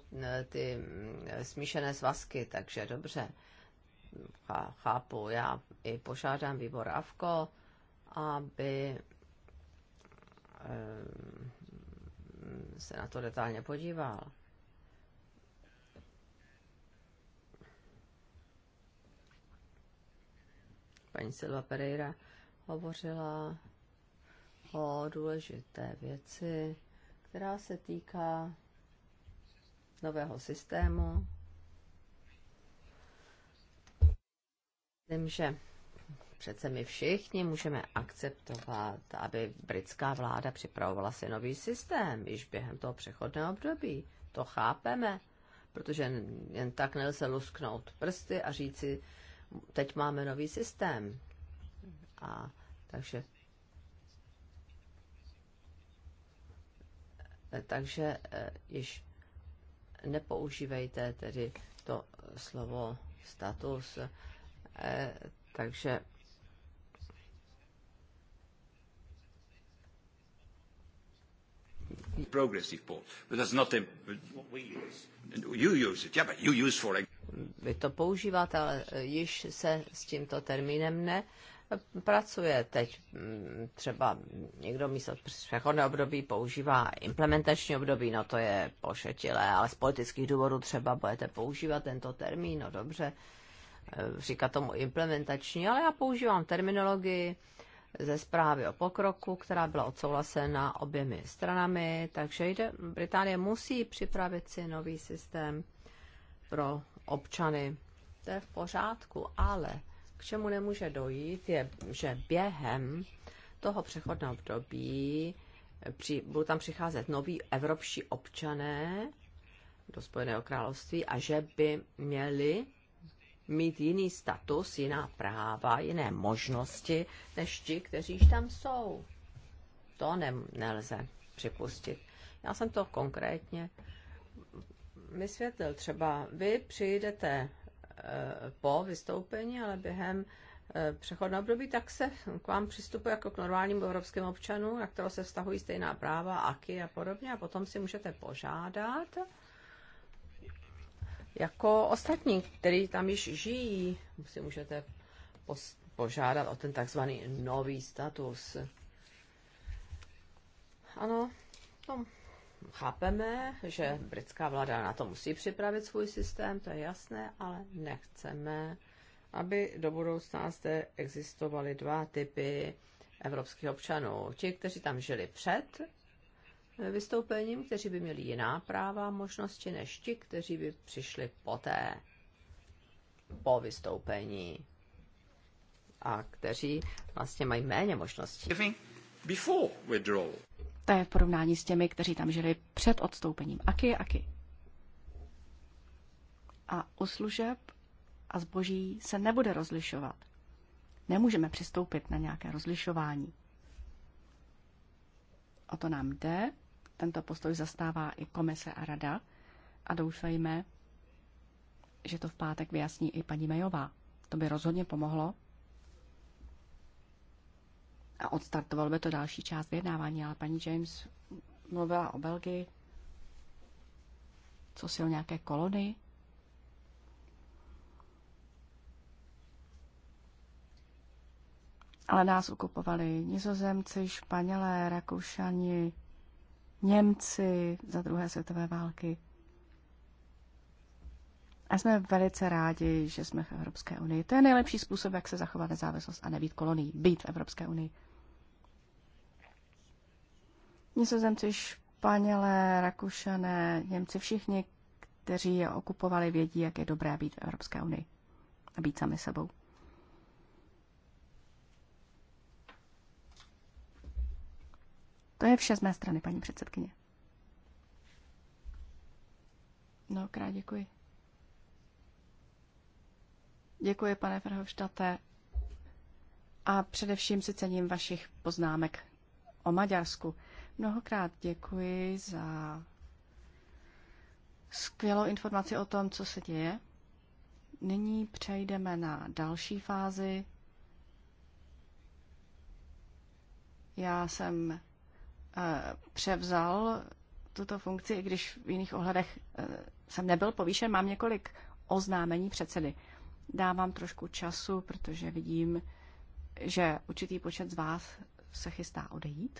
ty mm, smíšené svazky, takže dobře, chápu, já i požádám výbor AVKO, aby eh, se na to detailně podíval. Paní Silva Pereira hovořila o důležité věci, která se týká nového systému. Myslím, že přece my všichni můžeme akceptovat, aby britská vláda připravovala si nový systém již během toho přechodného období. To chápeme, protože jen tak nelze lusknout prsty a říci, teď máme nový systém. A takže takže eh, již nepoužívejte tedy to slovo status. Eh, takže progressive poll, but that's not a, you use it. Yeah, but you use for example vy to používáte, ale eh, již se s tímto termínem ne eh, pracuje. Teď mm, třeba někdo místo přechodné období používá implementační období, no to je pošetilé, ale z politických důvodů třeba budete používat tento termín, no dobře, eh, říká tomu implementační, ale já používám terminologii ze zprávy o pokroku, která byla odsouhlasena oběmi stranami, takže jde, Británie musí připravit si nový systém pro občany. To je v pořádku, ale k čemu nemůže dojít, je, že během toho přechodného období při, budou tam přicházet noví evropští občané do Spojeného království a že by měli mít jiný status, jiná práva, jiné možnosti, než ti, kteří tam jsou. To ne, nelze připustit. Já jsem to konkrétně vysvětlil. Třeba vy přijdete eh, po vystoupení, ale během eh, přechodné období, tak se k vám přistupuje jako k normálním evropským občanům, na kterého se vztahují stejná práva, aky a podobně, a potom si můžete požádat jako ostatní, kteří tam již žijí, si můžete požádat o ten takzvaný nový status. Ano, to no, chápeme, že britská vláda na to musí připravit svůj systém, to je jasné, ale nechceme, aby do budoucna zde existovaly dva typy evropských občanů. Ti, kteří tam žili před vystoupením, kteří by měli jiná práva možnosti než ti, kteří by přišli poté, po vystoupení a kteří vlastně mají méně možností. Before withdrawal. To je v porovnání s těmi, kteří tam žili před odstoupením. Aky je aky. A u služeb a zboží se nebude rozlišovat. Nemůžeme přistoupit na nějaké rozlišování. O to nám jde. Tento postoj zastává i komise a rada a doufejme, že to v pátek vyjasní i paní Mejová. To by rozhodně pomohlo a odstartoval by to další část vyjednávání, ale paní James mluvila o Belgii, co si o nějaké kolony. Ale nás ukupovali nizozemci, španělé, rakoušani, Němci za druhé světové války. A jsme velice rádi, že jsme v Evropské unii. To je nejlepší způsob, jak se zachovat nezávislost a nebýt kolonií. Být v Evropské unii. Nizozemci, Španělé, Rakušané, Němci, všichni, kteří je okupovali, vědí, jak je dobré být v Evropské unii a být sami sebou. To je vše z mé strany, paní předsedkyně. Mnohokrát děkuji. Děkuji, pane Verhofštate. A především si cením vašich poznámek o Maďarsku. Mnohokrát děkuji za skvělou informaci o tom, co se děje. Nyní přejdeme na další fázi. Já jsem e, převzal tuto funkci, i když v jiných ohledech e, jsem nebyl povýšen. Mám několik oznámení předsedy. Dávám trošku času, protože vidím, že určitý počet z vás se chystá odejít.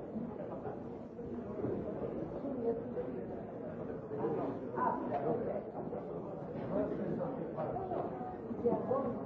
Yeah.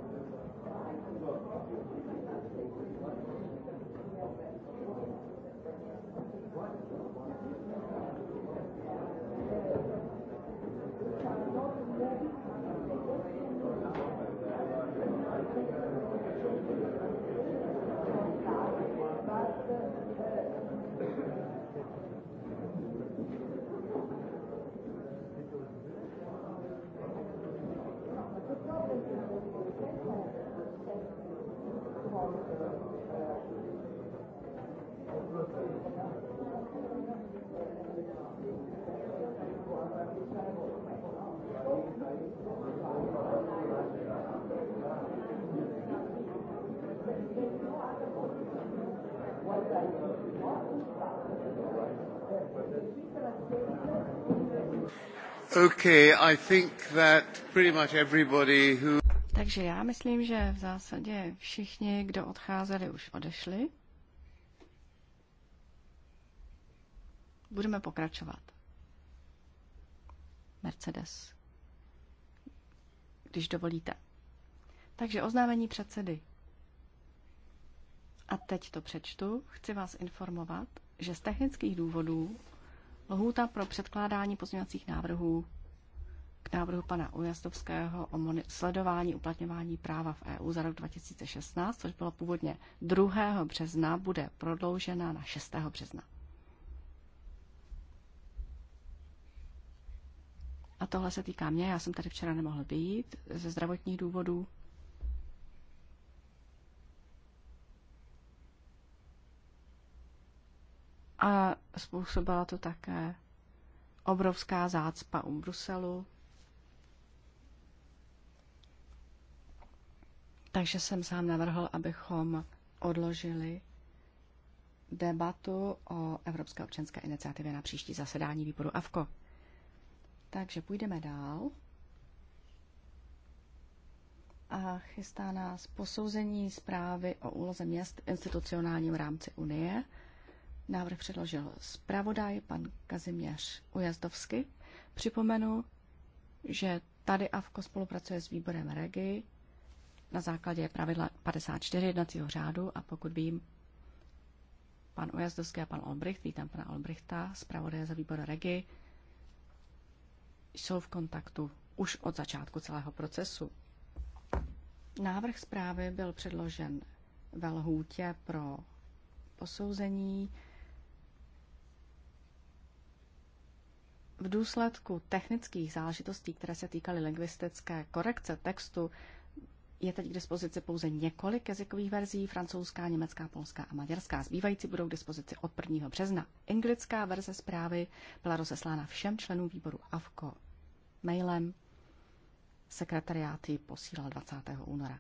Takže já myslím, že v zásadě všichni, kdo odcházeli, už odešli. Budeme pokračovat. Mercedes. Když dovolíte. Takže oznámení předsedy. A teď to přečtu. Chci vás informovat, že z technických důvodů Lhůta pro předkládání pozměňovacích návrhů k návrhu pana Ujastovského o sledování uplatňování práva v EU za rok 2016, což bylo původně 2. března, bude prodloužena na 6. března. A tohle se týká mě, já jsem tady včera nemohl být ze zdravotních důvodů, A způsobila to také obrovská zácpa u Bruselu. Takže jsem sám navrhl, abychom odložili debatu o Evropské občanské iniciativě na příští zasedání výboru AVKO. Takže půjdeme dál. A chystá nás posouzení zprávy o úloze měst v institucionálním rámci Unie – Návrh předložil zpravodaj pan Kazimíř Ujazdovsky. Připomenu, že tady AVKO spolupracuje s výborem REGI na základě pravidla 54 jednacího řádu a pokud vím, pan Ujazdovský a pan Olbricht, vítám pana Olbrichta, zpravodaje za výbor REGI, jsou v kontaktu už od začátku celého procesu. Návrh zprávy byl předložen ve lhůtě pro posouzení V důsledku technických záležitostí, které se týkaly lingvistické korekce textu, je teď k dispozici pouze několik jazykových verzí, francouzská, německá, polská a maďarská. Zbývající budou k dispozici od 1. března. Anglická verze zprávy byla rozeslána všem členům výboru AVKO mailem. Sekretariát ji posílal 20. února.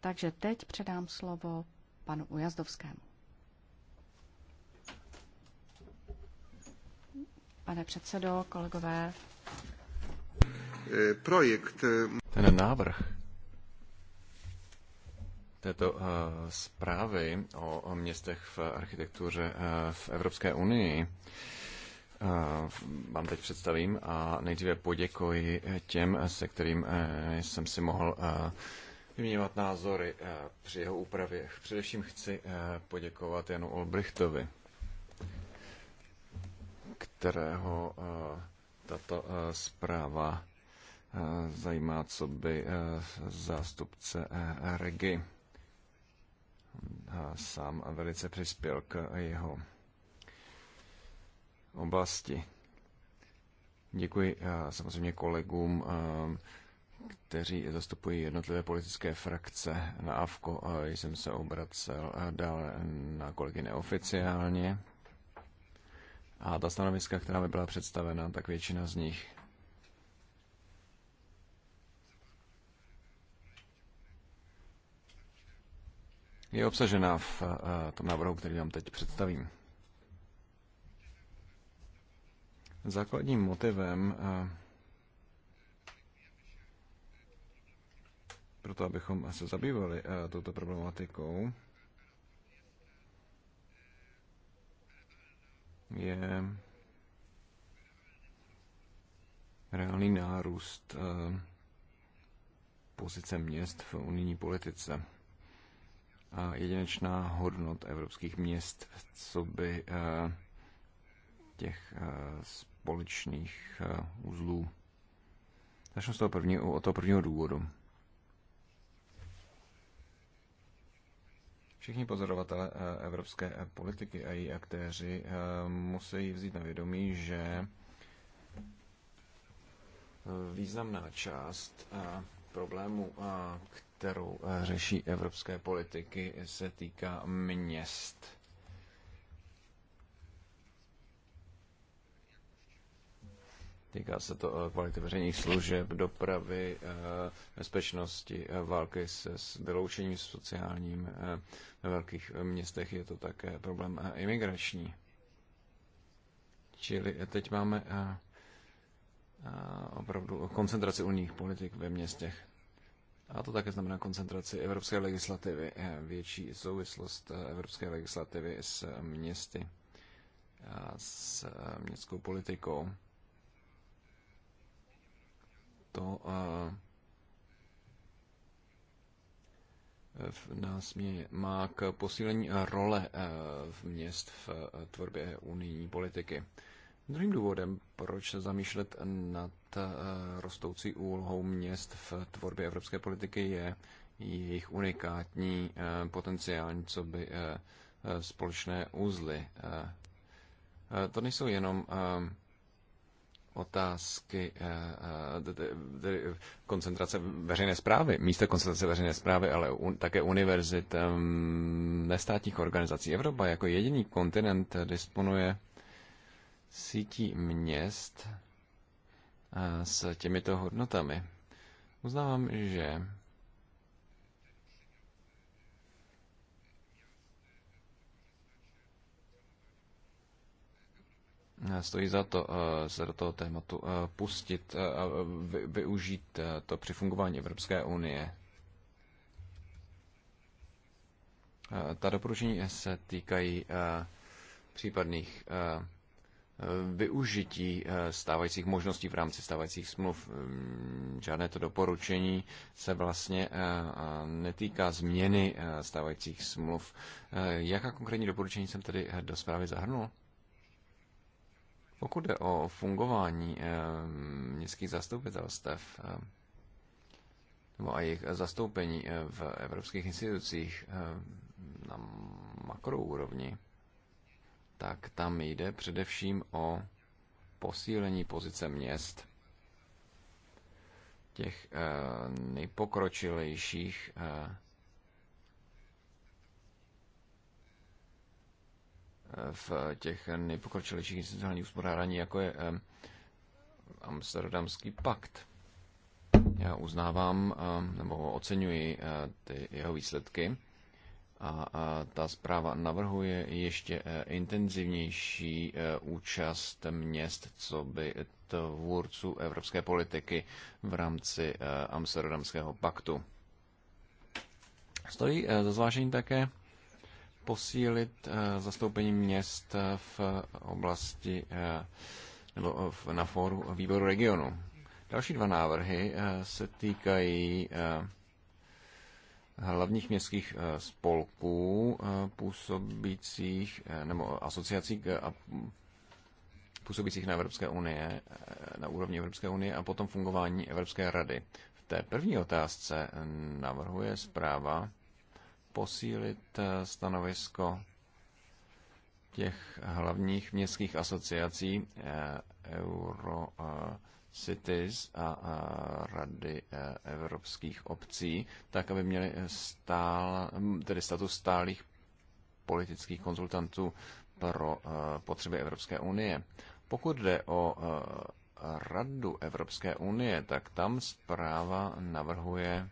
Takže teď předám slovo panu Ujazdovskému. Pane předsedo, kolegové. Eh, projekt. Eh, Ten návrh této eh, zprávy o městech v architektuře v Evropské unii vám teď představím a nejdříve poděkuji těm, se kterým jsem si mohl vyměňovat názory při jeho úpravě. Především chci poděkovat Janu Olbrichtovi kterého eh, tato eh, zpráva eh, zajímá, co by zástupce Regi sám velice přispěl k jeho oblasti. Děkuji samozřejmě kolegům, kteří zastupují jednotlivé politické frakce na AVKO. Jsem se obracel dále na kolegy neoficiálně. A ta stanoviska, která mi byla představena, tak většina z nich je obsažena v eh, tom návrhu, který vám teď představím. Základním motivem eh, pro to, abychom se zabývali eh, touto problematikou, je reálný nárůst eh, pozice měst v unijní politice a jedinečná hodnot evropských měst, co by eh, těch eh, společných uzlů. Začnu z toho prvního, od toho prvního důvodu. Všichni pozorovatelé eh, evropské eh, politiky a její aktéři eh, musí vzít na vědomí, že významná část problému, kterou řeší evropské politiky, se týká měst Týká se to eh, kvality veřejných služeb, dopravy, eh, bezpečnosti, eh, války se s vyloučením sociálním. Ve velkých městech je to také problém imigrační. Čili teď máme opravdu koncentraci unijních politik ve městech. A to také znamená koncentraci evropské legislativy, větší souvislost evropské legislativy s městy, a s městskou politikou to v nás mě má k posílení role eh, v měst v eh, tvorbě unijní politiky. Druhým důvodem, proč se zamýšlet nad eh, rostoucí úlohou měst v tvorbě evropské politiky, je jejich unikátní potenciální, co by společné úzly. To nejsou jenom otázky eh, eh, tedy koncentrace veřejné zprávy, místo koncentrace veřejné zprávy, ale také univerzit ehm, nestátních organizací. Evropa jako jediný kontinent disponuje sítí měst eh, s těmito hodnotami. Uznávám, že stojí za to eh, se do toho tématu eh, pustit eh, a využít to při fungování Evropské unie. Ta doporučení se týkají případných využití stávajících možností v rámci stávajících smluv. Mm, žádné to doporučení se vlastně netýká změny stávajících smluv. Jaká konkrétní doporučení jsem tedy do zprávy zahrnul? Pokud jde o fungování eh, městských zastupitelstev eh, nebo a jejich zastoupení eh, v evropských institucích na makroúrovni, tak tam jde především o posílení pozice měst těch nejpokročilejších v těch nejpokročilejších institucionálních uspořádání, jako je eh, Amsterdamský pakt. Já uznávám eh, nebo oceňuji eh, ty jeho výsledky a ta zpráva navrhuje ještě intenzivnější účast měst, co by tvůrců evropské politiky v rámci Amsterdamského paktu. Stojí za zvážení také posílit eh, zastoupení měst eh, v oblasti eh, nebo na fóru výboru regionu. Další dva návrhy se týkají hlavních městských spolků působících nebo asociací k působících na Evropské unie, na úrovni Evropské unie a potom fungování Evropské rady. V té první otázce navrhuje zpráva posílit eh, stanovisko těch hlavních městských asociací eh, Eurocities eh, a Rady evropských obcí, tak aby měli stál, hm, tedy status stálých politických konzultantů pro potřeby Evropské unie. Pokud jde o Radu Evropské unie, tak tam zpráva navrhuje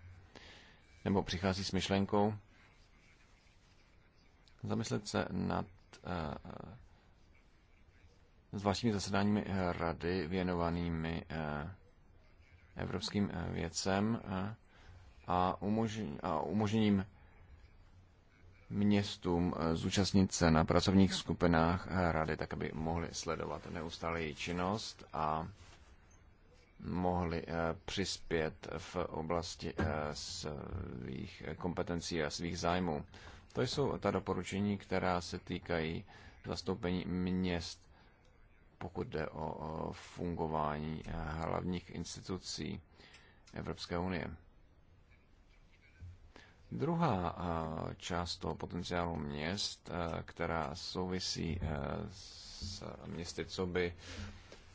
nebo přichází s myšlenkou, zamyslet se nad eh, eh, vašimi zasedáními rady věnovanými eh, evropským věcem a, umož- a umožněním městům zúčastnit se na pracovních skupinách rady, tak aby mohli sledovat neustále její činnost a mohli přispět v oblasti svých kompetencí a svých zájmů. To jsou ta doporučení, která se týkají zastoupení měst, pokud jde o fungování eh, hlavních institucí Evropské unie. Druhá eh, část toho potenciálu měst, eh, která souvisí s městy co by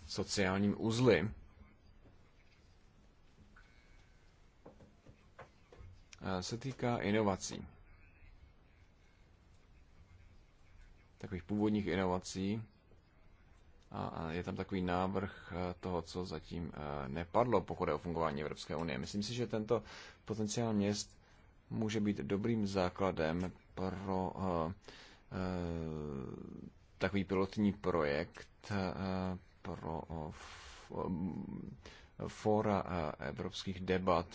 sociálním uzly, se týká inovací. takových původních inovací a je tam takový návrh eh, toho, co zatím eh, nepadlo, pokud je o fungování Evropské unie. Myslím si, že tento potenciál měst může být dobrým základem pro eh, takový pilotní projekt pro fóra evropských debat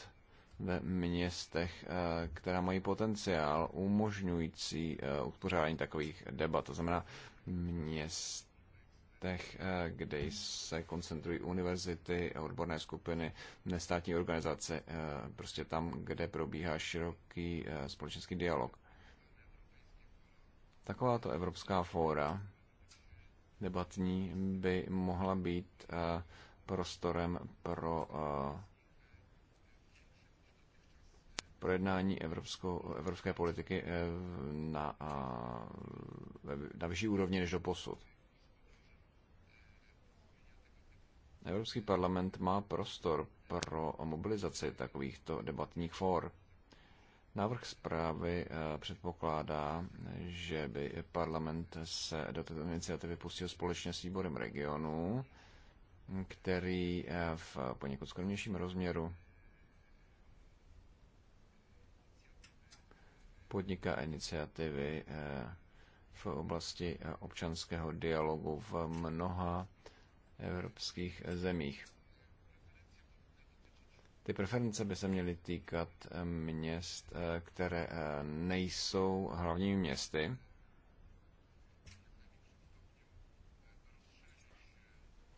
ve městech, eh, která mají potenciál umožňující eh, uspořádání takových debat. To znamená městech, eh, kde se koncentrují univerzity, odborné skupiny, nestátní organizace, prostě tam, kde probíhá široký společenský dialog. Takováto evropská fóra debatní by mohla být prostorem pro projednání evropské politiky eh, na, na vyšší úrovni než do posud. Evropský parlament má prostor pro mobilizaci takovýchto debatních fór. Návrh zprávy eh, předpokládá, že by parlament se do této iniciativy pustil společně s výborem regionu, který eh, v poněkud skromnějším rozměru podniká iniciativy eh, v oblasti eh, občanského dialogu v mnoha evropských zemích. Ty preference by se měly týkat eh, měst, které nejsou hlavními městy.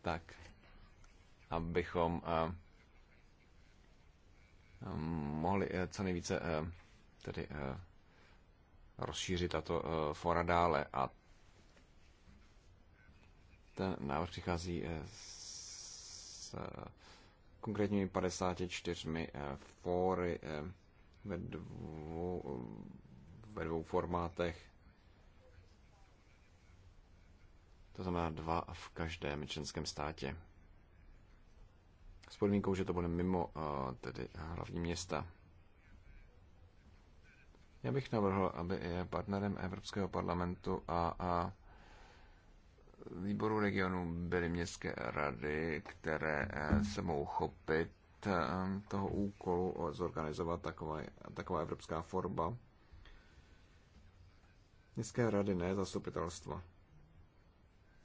Tak, abychom mohli co nejvíce tedy rozšířit tato eh, fora dále. A ten návrh přichází eh, s eh, konkrétními 54 fóry ve dvou, ve dvou formátech. To znamená dva v každém členském státě. S podmínkou, že to bude mimo tedy hlavní města. Já bych navrhl, aby partnerem Evropského parlamentu a, a výboru regionu byly městské rady, které eh, se mohou chopit eh, toho úkolu zorganizovat taková, taková evropská forma. Městské rady, ne zastupitelstva,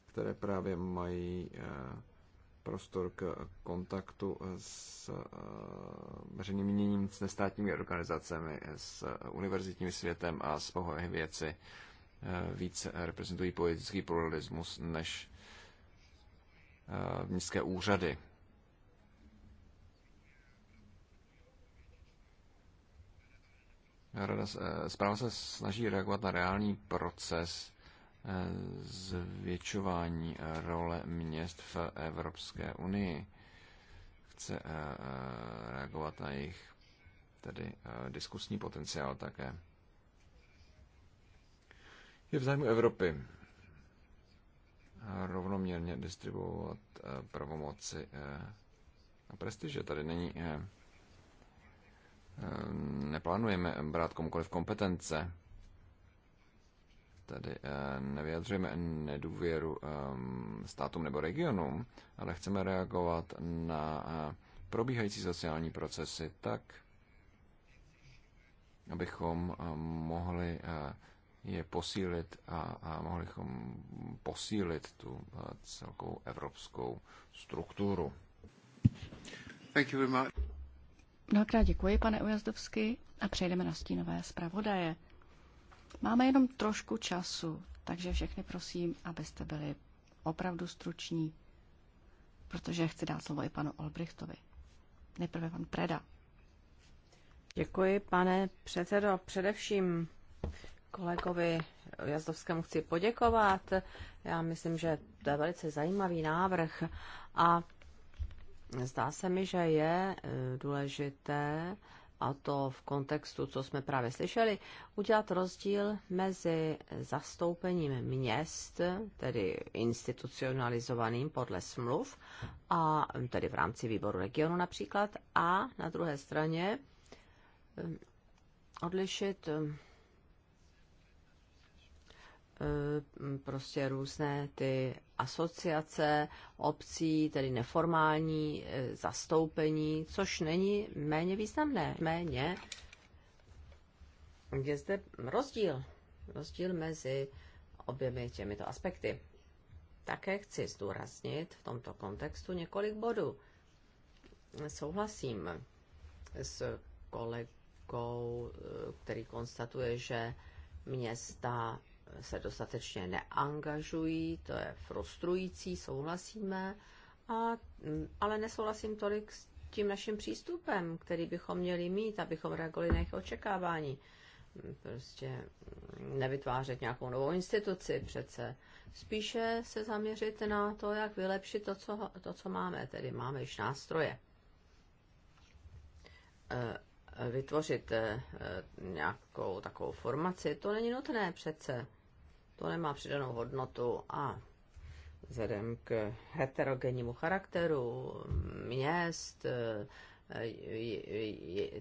které právě mají eh, prostor k kontaktu s eh, veřejným míněním, s nestátními organizacemi, s univerzitním světem a s pohoji věci eh, více reprezentují politický pluralismus než eh, městské úřady. Rada, zpráva se snaží reagovat na reálný proces zvětšování role měst v Evropské unii. Chce eh, eh, reagovat na jejich tedy eh, diskusní potenciál také. Je v zájmu Evropy rovnoměrně distribuovat pravomoci a prestiže. Tady není neplánujeme brát komukoliv kompetence tedy eh, nevyjadřujeme nedůvěru ehm, státům nebo regionům, ale chceme reagovat na eh, probíhající sociální procesy tak, abychom eh, mohli je posílit a, a mohli bychom posílit tu celkovou evropskou strukturu. Thank you very much. Mnohokrát děkuji, pane Ujazdovský, a přejdeme na stínové zpravodaje. Máme jenom trošku času, takže všechny prosím, abyste byli opravdu struční, protože chci dát slovo i panu Olbrichtovi. Nejprve pan Preda. Děkuji, pane předsedo. Především kolegovi Jazdovskému chci poděkovat. Já myslím, že to je velice zajímavý návrh a zdá se mi, že je eh, důležité a to v kontextu, co jsme právě slyšeli, udělat rozdíl mezi zastoupením měst, tedy institucionalizovaným podle smluv, a tedy v rámci výboru regionu například, a na druhé straně um, odlišit um, um, prostě různé ty asociace obcí, tedy neformální e, zastoupení, což není méně významné. Méně je zde rozdíl. Rozdíl mezi oběmi těmito aspekty. Také chci zdůraznit v tomto kontextu několik bodů. Souhlasím s kolegou, e, který konstatuje, že města se dostatečně neangažují, to je frustrující, souhlasíme, a, mm, ale nesouhlasím tolik s tím naším přístupem, který bychom měli mít, abychom reagovali na jejich očekávání. Mm, prostě mm, nevytvářet nějakou novou instituci přece. Spíše se zaměřit na to, jak vylepšit to, co, to, co máme. Tedy máme již nástroje. E, e, vytvořit e, nějakou takovou formaci, to není nutné přece to nemá přidanou hodnotu a vzhledem k heterogennímu charakteru měst, e,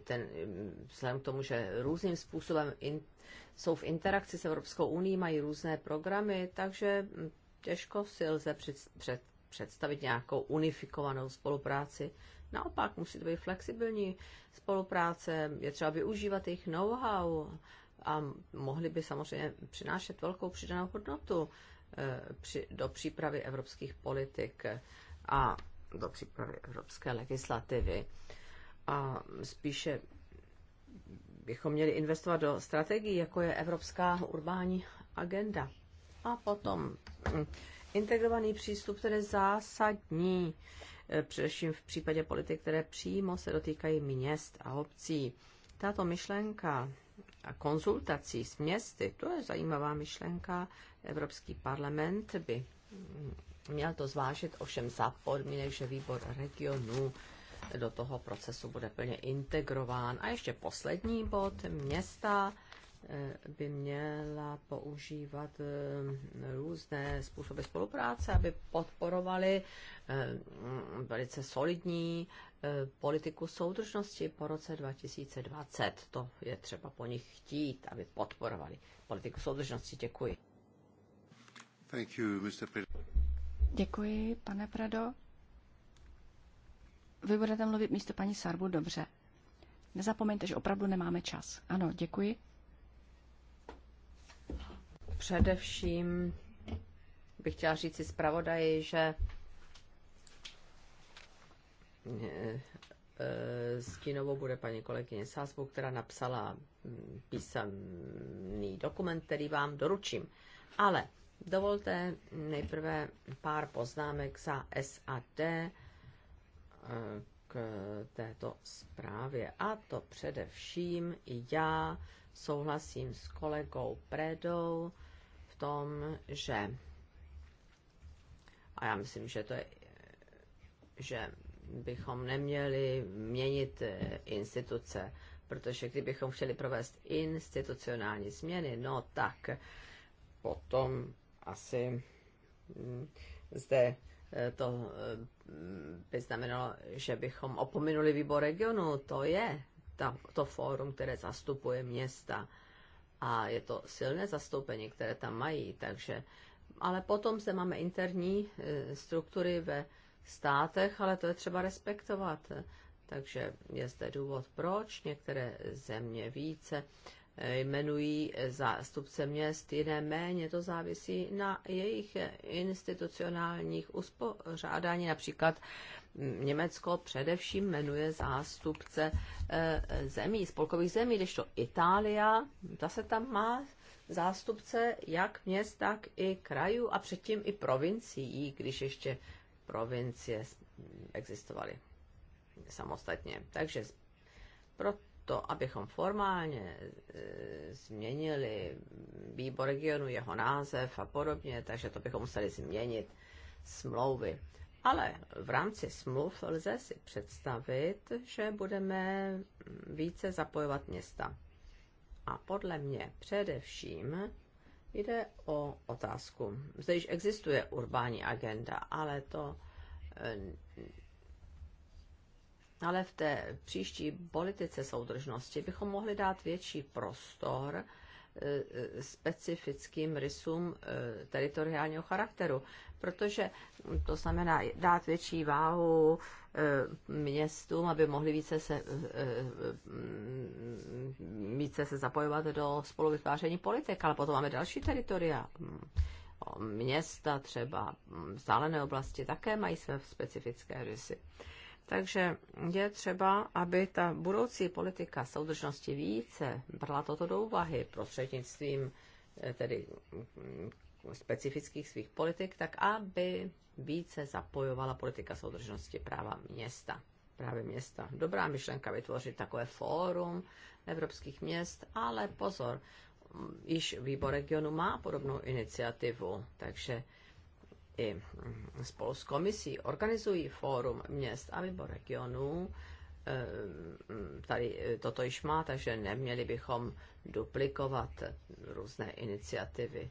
ten, vzhledem k tomu, že různým způsobem in, jsou v interakci s Evropskou unii, mají různé programy, takže těžko si lze před, před, představit nějakou unifikovanou spolupráci. Naopak, musí to být flexibilní spolupráce, je třeba využívat jejich know-how a mohly by samozřejmě přinášet velkou přidanou hodnotu eh, do přípravy evropských politik a do přípravy evropské legislativy. A spíše bychom měli investovat do strategií, jako je Evropská urbání agenda. A potom hm, integrovaný přístup, který je zásadní, eh, především v případě politik, které přímo se dotýkají měst a obcí. Tato myšlenka a konzultací s městy, to je zajímavá myšlenka. Evropský parlament by měl to zvážit, ovšem za podmínek, že výbor regionů do toho procesu bude plně integrován. A ještě poslední bod, města Eh, by měla používat eh, různé způsoby spolupráce, aby podporovali eh, velice solidní politiku soudržnosti po roce 2020. To je třeba po nich chtít, aby podporovali politiku soudržnosti. Děkuji. Thank you, Mr. Děkuji, pane Prado. Vy budete mluvit místo paní Sarbu, dobře. Nezapomeňte, že opravdu nemáme čas. Ano, děkuji. Především bych chtěla říct si zpravodaji, že eh, eh, Stínovou bude paní kolegyně Sásbu, která napsala hm, písemný dokument, který vám doručím. Ale dovolte nejprve pár poznámek za SAD eh, k této zprávě. A to především já souhlasím s kolegou Predou, tom, že a já myslím, že to je, že bychom neměli měnit eh, instituce, protože kdybychom chtěli provést institucionální změny, no tak potom asi mm, zde eh, to eh, by znamenalo, že bychom opominuli výbor regionu, to je ta, to fórum, které zastupuje města a je to silné zastoupení, které tam mají, takže ale potom se máme interní eh, struktury ve státech, ale to je třeba respektovat. Takže je zde důvod, proč některé země více eh, jmenují zástupce měst, jiné méně. To závisí na jejich eh, institucionálních uspořádání. Například Německo především jmenuje zástupce eh, zemí, spolkových zemí, když to ta zase tam má zástupce jak měst, tak i krajů a předtím i provincií, když ještě provincie existovaly samostatně. Takže proto, abychom formálně e, změnili výbor regionu, jeho název a podobně, takže to bychom museli změnit smlouvy. Ale v rámci smluv lze si představit, že budeme více zapojovat města. A podle mě především jde o otázku. Zde již existuje urbání agenda, ale to eh, ale v té příští politice soudržnosti bychom mohli dát větší prostor Eh, specifickým rysům eh, teritoriálního charakteru, protože to znamená dát větší váhu eh, městům, aby mohli více se, více se zapojovat do spoluvytváření politik, ale potom máme další teritoria. Města třeba, vzdálené oblasti také mají své specifické rysy. Takže je třeba, aby ta budoucí politika soudržnosti více brala toto do úvahy prostřednictvím eh, tedy mm, specifických svých politik, tak aby více zapojovala politika soudržnosti práva města. Právě města. Dobrá myšlenka vytvořit takové fórum evropských měst, ale pozor, mm, již výbor regionu má podobnou iniciativu, takže i spolu s komisí organizují fórum měst a nebo regionů. Ehm, tady toto již má, takže neměli bychom duplikovat různé iniciativy.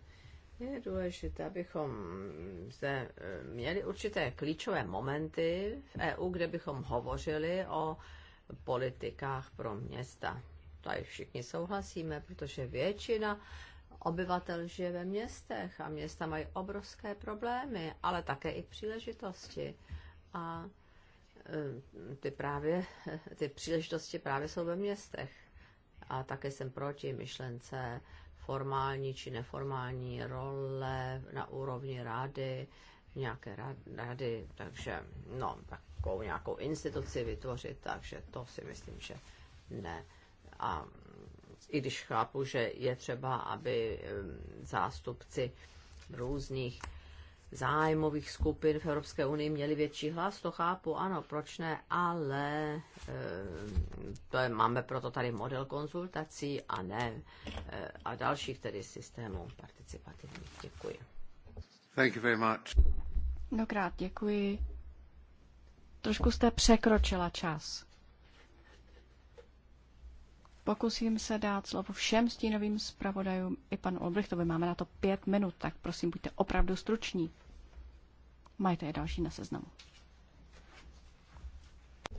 Je důležité, abychom zde ehm, měli určité klíčové momenty v EU, kde bychom hovořili o politikách pro města. Tady všichni souhlasíme, protože většina obyvatel žije ve městech a města mají obrovské problémy, ale také i příležitosti. A e, ty, právě, ty příležitosti právě jsou ve městech. A také jsem proti myšlence formální či neformální role na úrovni rady, nějaké rady, takže no, takovou nějakou instituci vytvořit, takže to si myslím, že ne. A i když chápu, že je třeba, aby zástupci různých zájmových skupin v Evropské unii měli větší hlas, to chápu, ano, proč ne, ale to je, máme proto tady model konzultací a ne eh, a dalších tedy systémů participativních. Děkuji. Thank you very much. Dokrát děkuji. Trošku jste překročila čas. Pokusím se dát slovo všem stínovým zpravodajům i panu Olbrichtovi. Máme na to pět minut, tak prosím, buďte opravdu struční. Majte je další na seznamu.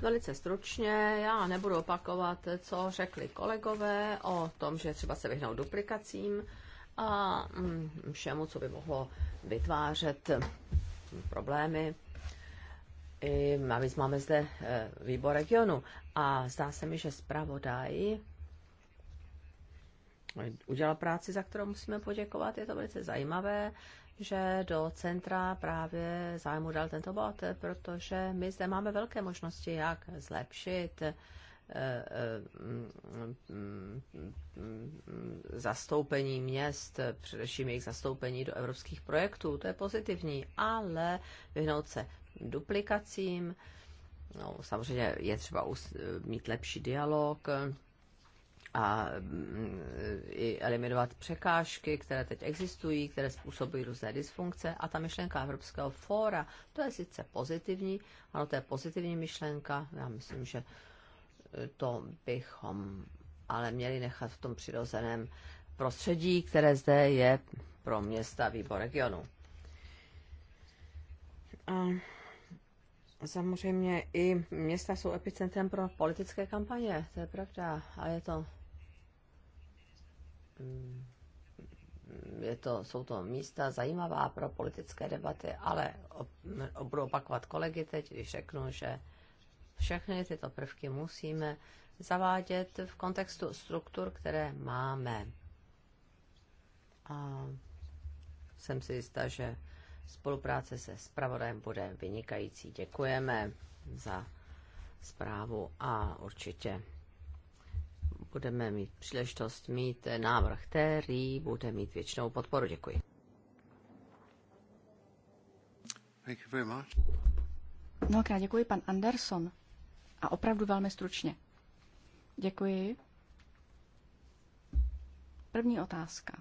Velice stručně, já nebudu opakovat, co řekli kolegové o tom, že třeba se vyhnout duplikacím a mm, všemu, co by mohlo vytvářet mm, problémy. I navíc máme zde eh, výbor regionu a zdá se mi, že zpravodaj udělal práci, za kterou musíme poděkovat. Je to velice zajímavé, že do centra právě zájmu dal tento bod, protože my zde máme velké možnosti, jak zlepšit eh, eh, mm, zastoupení měst, především jejich zastoupení do evropských projektů, to je pozitivní, ale vyhnout se duplikacím, no, samozřejmě je třeba mít lepší dialog, a mm, i eliminovat překážky, které teď existují, které způsobují různé dysfunkce. A ta myšlenka Evropského fóra, to je sice pozitivní, ano, to je pozitivní myšlenka, já myslím, že to bychom ale měli nechat v tom přirozeném prostředí, které zde je pro města výbor regionu. A samozřejmě i města jsou epicentrem pro politické kampaně, to je pravda, a je to Mm, je to, jsou to místa zajímavá pro politické debaty, ale ob, budu opakovat kolegy teď, když řeknu, že všechny tyto prvky musíme zavádět v kontextu struktur, které máme. A jsem si jistá, že spolupráce se zpravodajem bude vynikající. Děkujeme za zprávu a určitě budeme mít příležitost mít návrh, který bude mít většinou podporu. Děkuji. Thank you very much. Mnohokrát děkuji pan Anderson a opravdu velmi stručně. Děkuji. První otázka.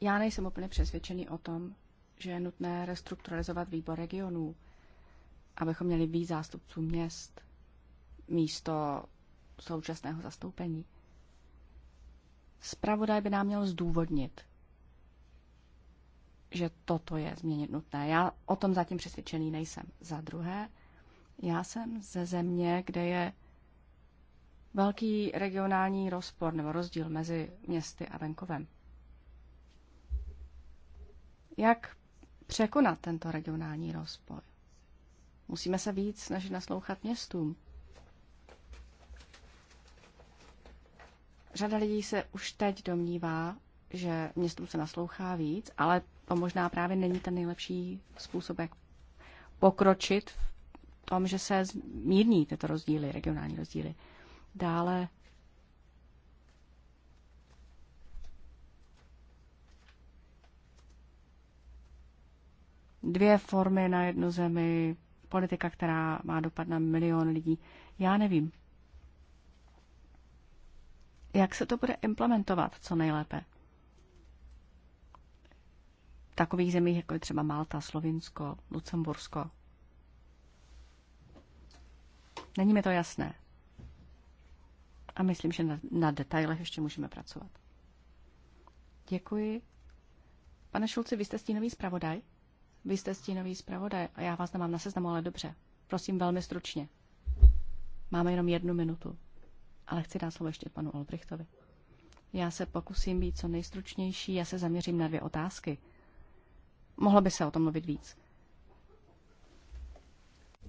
Já nejsem úplně přesvědčený o tom, že je nutné restrukturalizovat výbor regionů, abychom měli víc zástupců měst místo současného zastoupení. Spravodaj by nám měl zdůvodnit, že toto je změnit nutné. Já o tom zatím přesvědčený nejsem. Za druhé, já jsem ze země, kde je velký regionální rozpor nebo rozdíl mezi městy a venkovem. Jak překonat tento regionální rozpor? Musíme se víc snažit naslouchat městům, Řada lidí se už teď domnívá, že městům se naslouchá víc, ale to možná právě není ten nejlepší způsob, jak pokročit v tom, že se zmírní tyto rozdíly, regionální rozdíly. Dále dvě formy na jednu zemi, politika, která má dopad na milion lidí. Já nevím jak se to bude implementovat co nejlépe. V takových zemích, jako je třeba Malta, Slovinsko, Lucembursko. Není mi to jasné. A myslím, že na, na detailech ještě můžeme pracovat. Děkuji. Pane Šulci, vy jste stínový zpravodaj? Vy jste stínový zpravodaj a já vás nemám na seznamu, ale dobře. Prosím velmi stručně. Máme jenom jednu minutu ale chci dát slovo ještě panu Albrechtovi. Já se pokusím být co nejstručnější, já se zaměřím na dvě otázky. Mohlo by se o tom mluvit víc.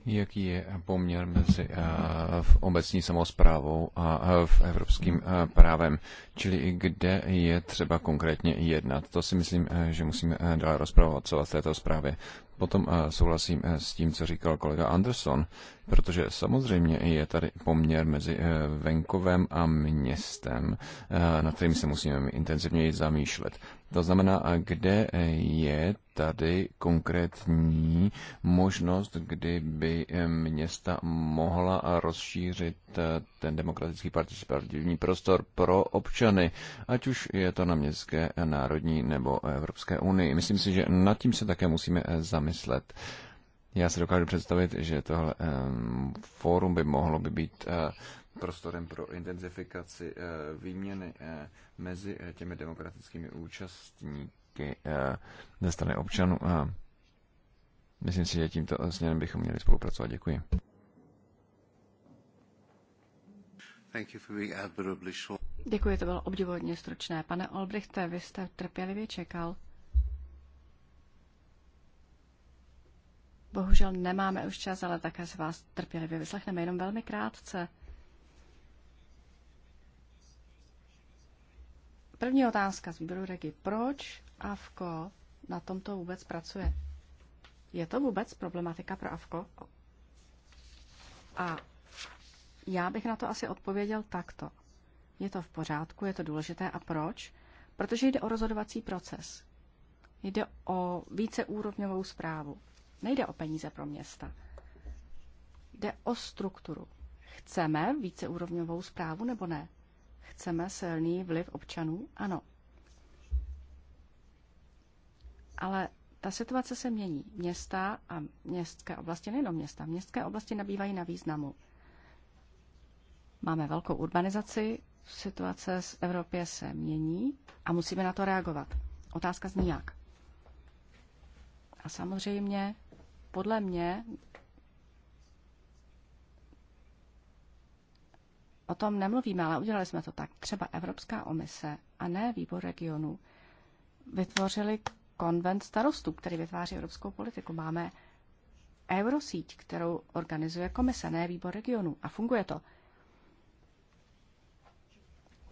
Jaký je poměr mezi eh, v obecní samozprávou a eh, v evropským eh, právem, čili kde je třeba konkrétně jednat? To si myslím, že musíme dál rozprávovat, co v této zprávě potom eh, souhlasím eh, s tím, co říkal kolega Anderson, protože samozřejmě je tady poměr mezi eh, venkovem a městem, na kterým se musíme intenzivněji zamýšlet. To znamená, kde je tady konkrétní možnost, kdyby města mohla rozšířit ten demokratický participativní prostor pro občany, ať už je to na městské, národní nebo Evropské unii. Myslím si, že nad tím se také musíme zamýšlet zamyslet. Já si dokážu představit, že tohle um, fórum by mohlo by být uh, prostorem pro intenzifikaci uh, výměny uh, mezi uh, těmi demokratickými účastníky uh, ze strany občanů. Uh, myslím si, že tímto směrem bychom měli spolupracovat. Děkuji. Thank you for being Děkuji, to bylo obdivodně stručné. Pane Olbrichte, vy jste trpělivě čekal. Bohužel nemáme už čas, ale také se vás trpělivě vyslechneme jenom velmi krátce. První otázka z výboru Regi. Proč AFKO na tomto vůbec pracuje? Je to vůbec problematika pro AFKO? A já bych na to asi odpověděl takto. Je to v pořádku, je to důležité a proč? Protože jde o rozhodovací proces. Jde o víceúrovňovou zprávu. Nejde o peníze pro města. Jde o strukturu. Chceme víceúrovňovou zprávu nebo ne? Chceme silný vliv občanů? Ano. Ale ta situace se mění. Města a městské oblasti, nejenom města, městské oblasti nabývají na významu. Máme velkou urbanizaci, situace v Evropě se mění a musíme na to reagovat. Otázka zní jak. A samozřejmě podle mě o tom nemluvíme, ale udělali jsme to tak. Třeba Evropská komise a ne výbor regionu vytvořili konvent starostů, který vytváří evropskou politiku. Máme eurosíť, kterou organizuje komise, ne výbor regionu. A funguje to.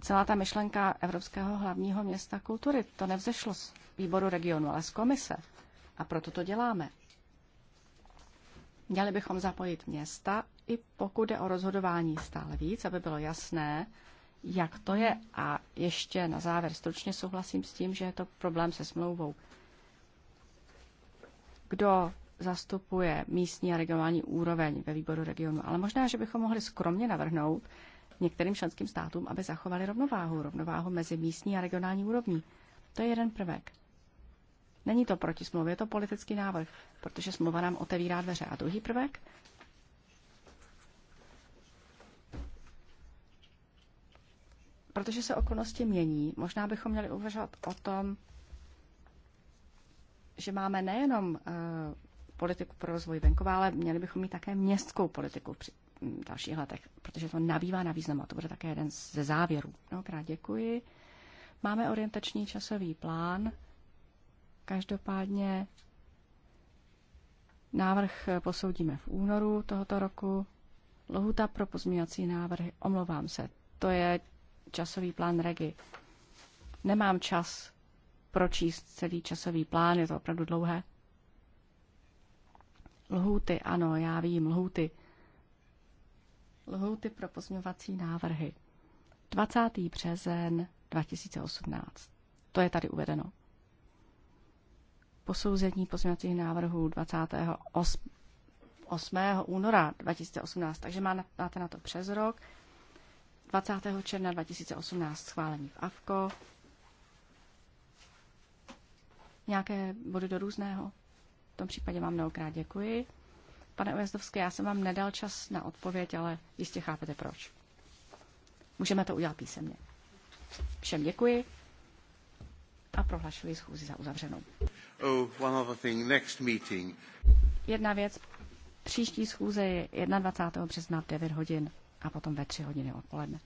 Celá ta myšlenka Evropského hlavního města kultury, to nevzešlo z výboru regionu, ale z komise. A proto to děláme. Měli bychom zapojit města, i pokud jde o rozhodování stále víc, aby bylo jasné, jak to je. A ještě na závěr stručně souhlasím s tím, že je to problém se smlouvou. Kdo zastupuje místní a regionální úroveň ve výboru regionu, ale možná, že bychom mohli skromně navrhnout některým členským státům, aby zachovali rovnováhu, rovnováhu mezi místní a regionální úrovní. To je jeden prvek. Není to proti smlouvě, je to politický návrh, protože smlouva nám otevírá dveře. A druhý prvek? Protože se okolnosti mění, možná bychom měli uvažovat o tom, že máme nejenom uh, politiku pro rozvoj venkova, ale měli bychom mít také městskou politiku při hm, dalších letech, protože to nabývá na významu. A to bude také jeden ze závěrů. Mnohokrát děkuji. Máme orientační časový plán Každopádně návrh posoudíme v únoru tohoto roku. Lohuta pro pozměňovací návrhy, omlouvám se, to je časový plán Regi. Nemám čas pročíst celý časový plán, je to opravdu dlouhé. Lhuty, ano, já vím, lhuty. Lhuty pro pozměňovací návrhy. 20. březen 2018. To je tady uvedeno posouzení pozměňovacích návrhů 28. února 2018, takže máte na to přes rok. 20. června 2018 schválení v AFKO. Nějaké body do různého? V tom případě vám mnohokrát děkuji. Pane Ujezdovské, já jsem vám nedal čas na odpověď, ale jistě chápete proč. Můžeme to udělat písemně. Všem děkuji a prohlašuji schůzi za uzavřenou. Oh, Jedna věc. Příští schůze je 21. března v 9 hodin a potom ve 3 hodiny odpoledne.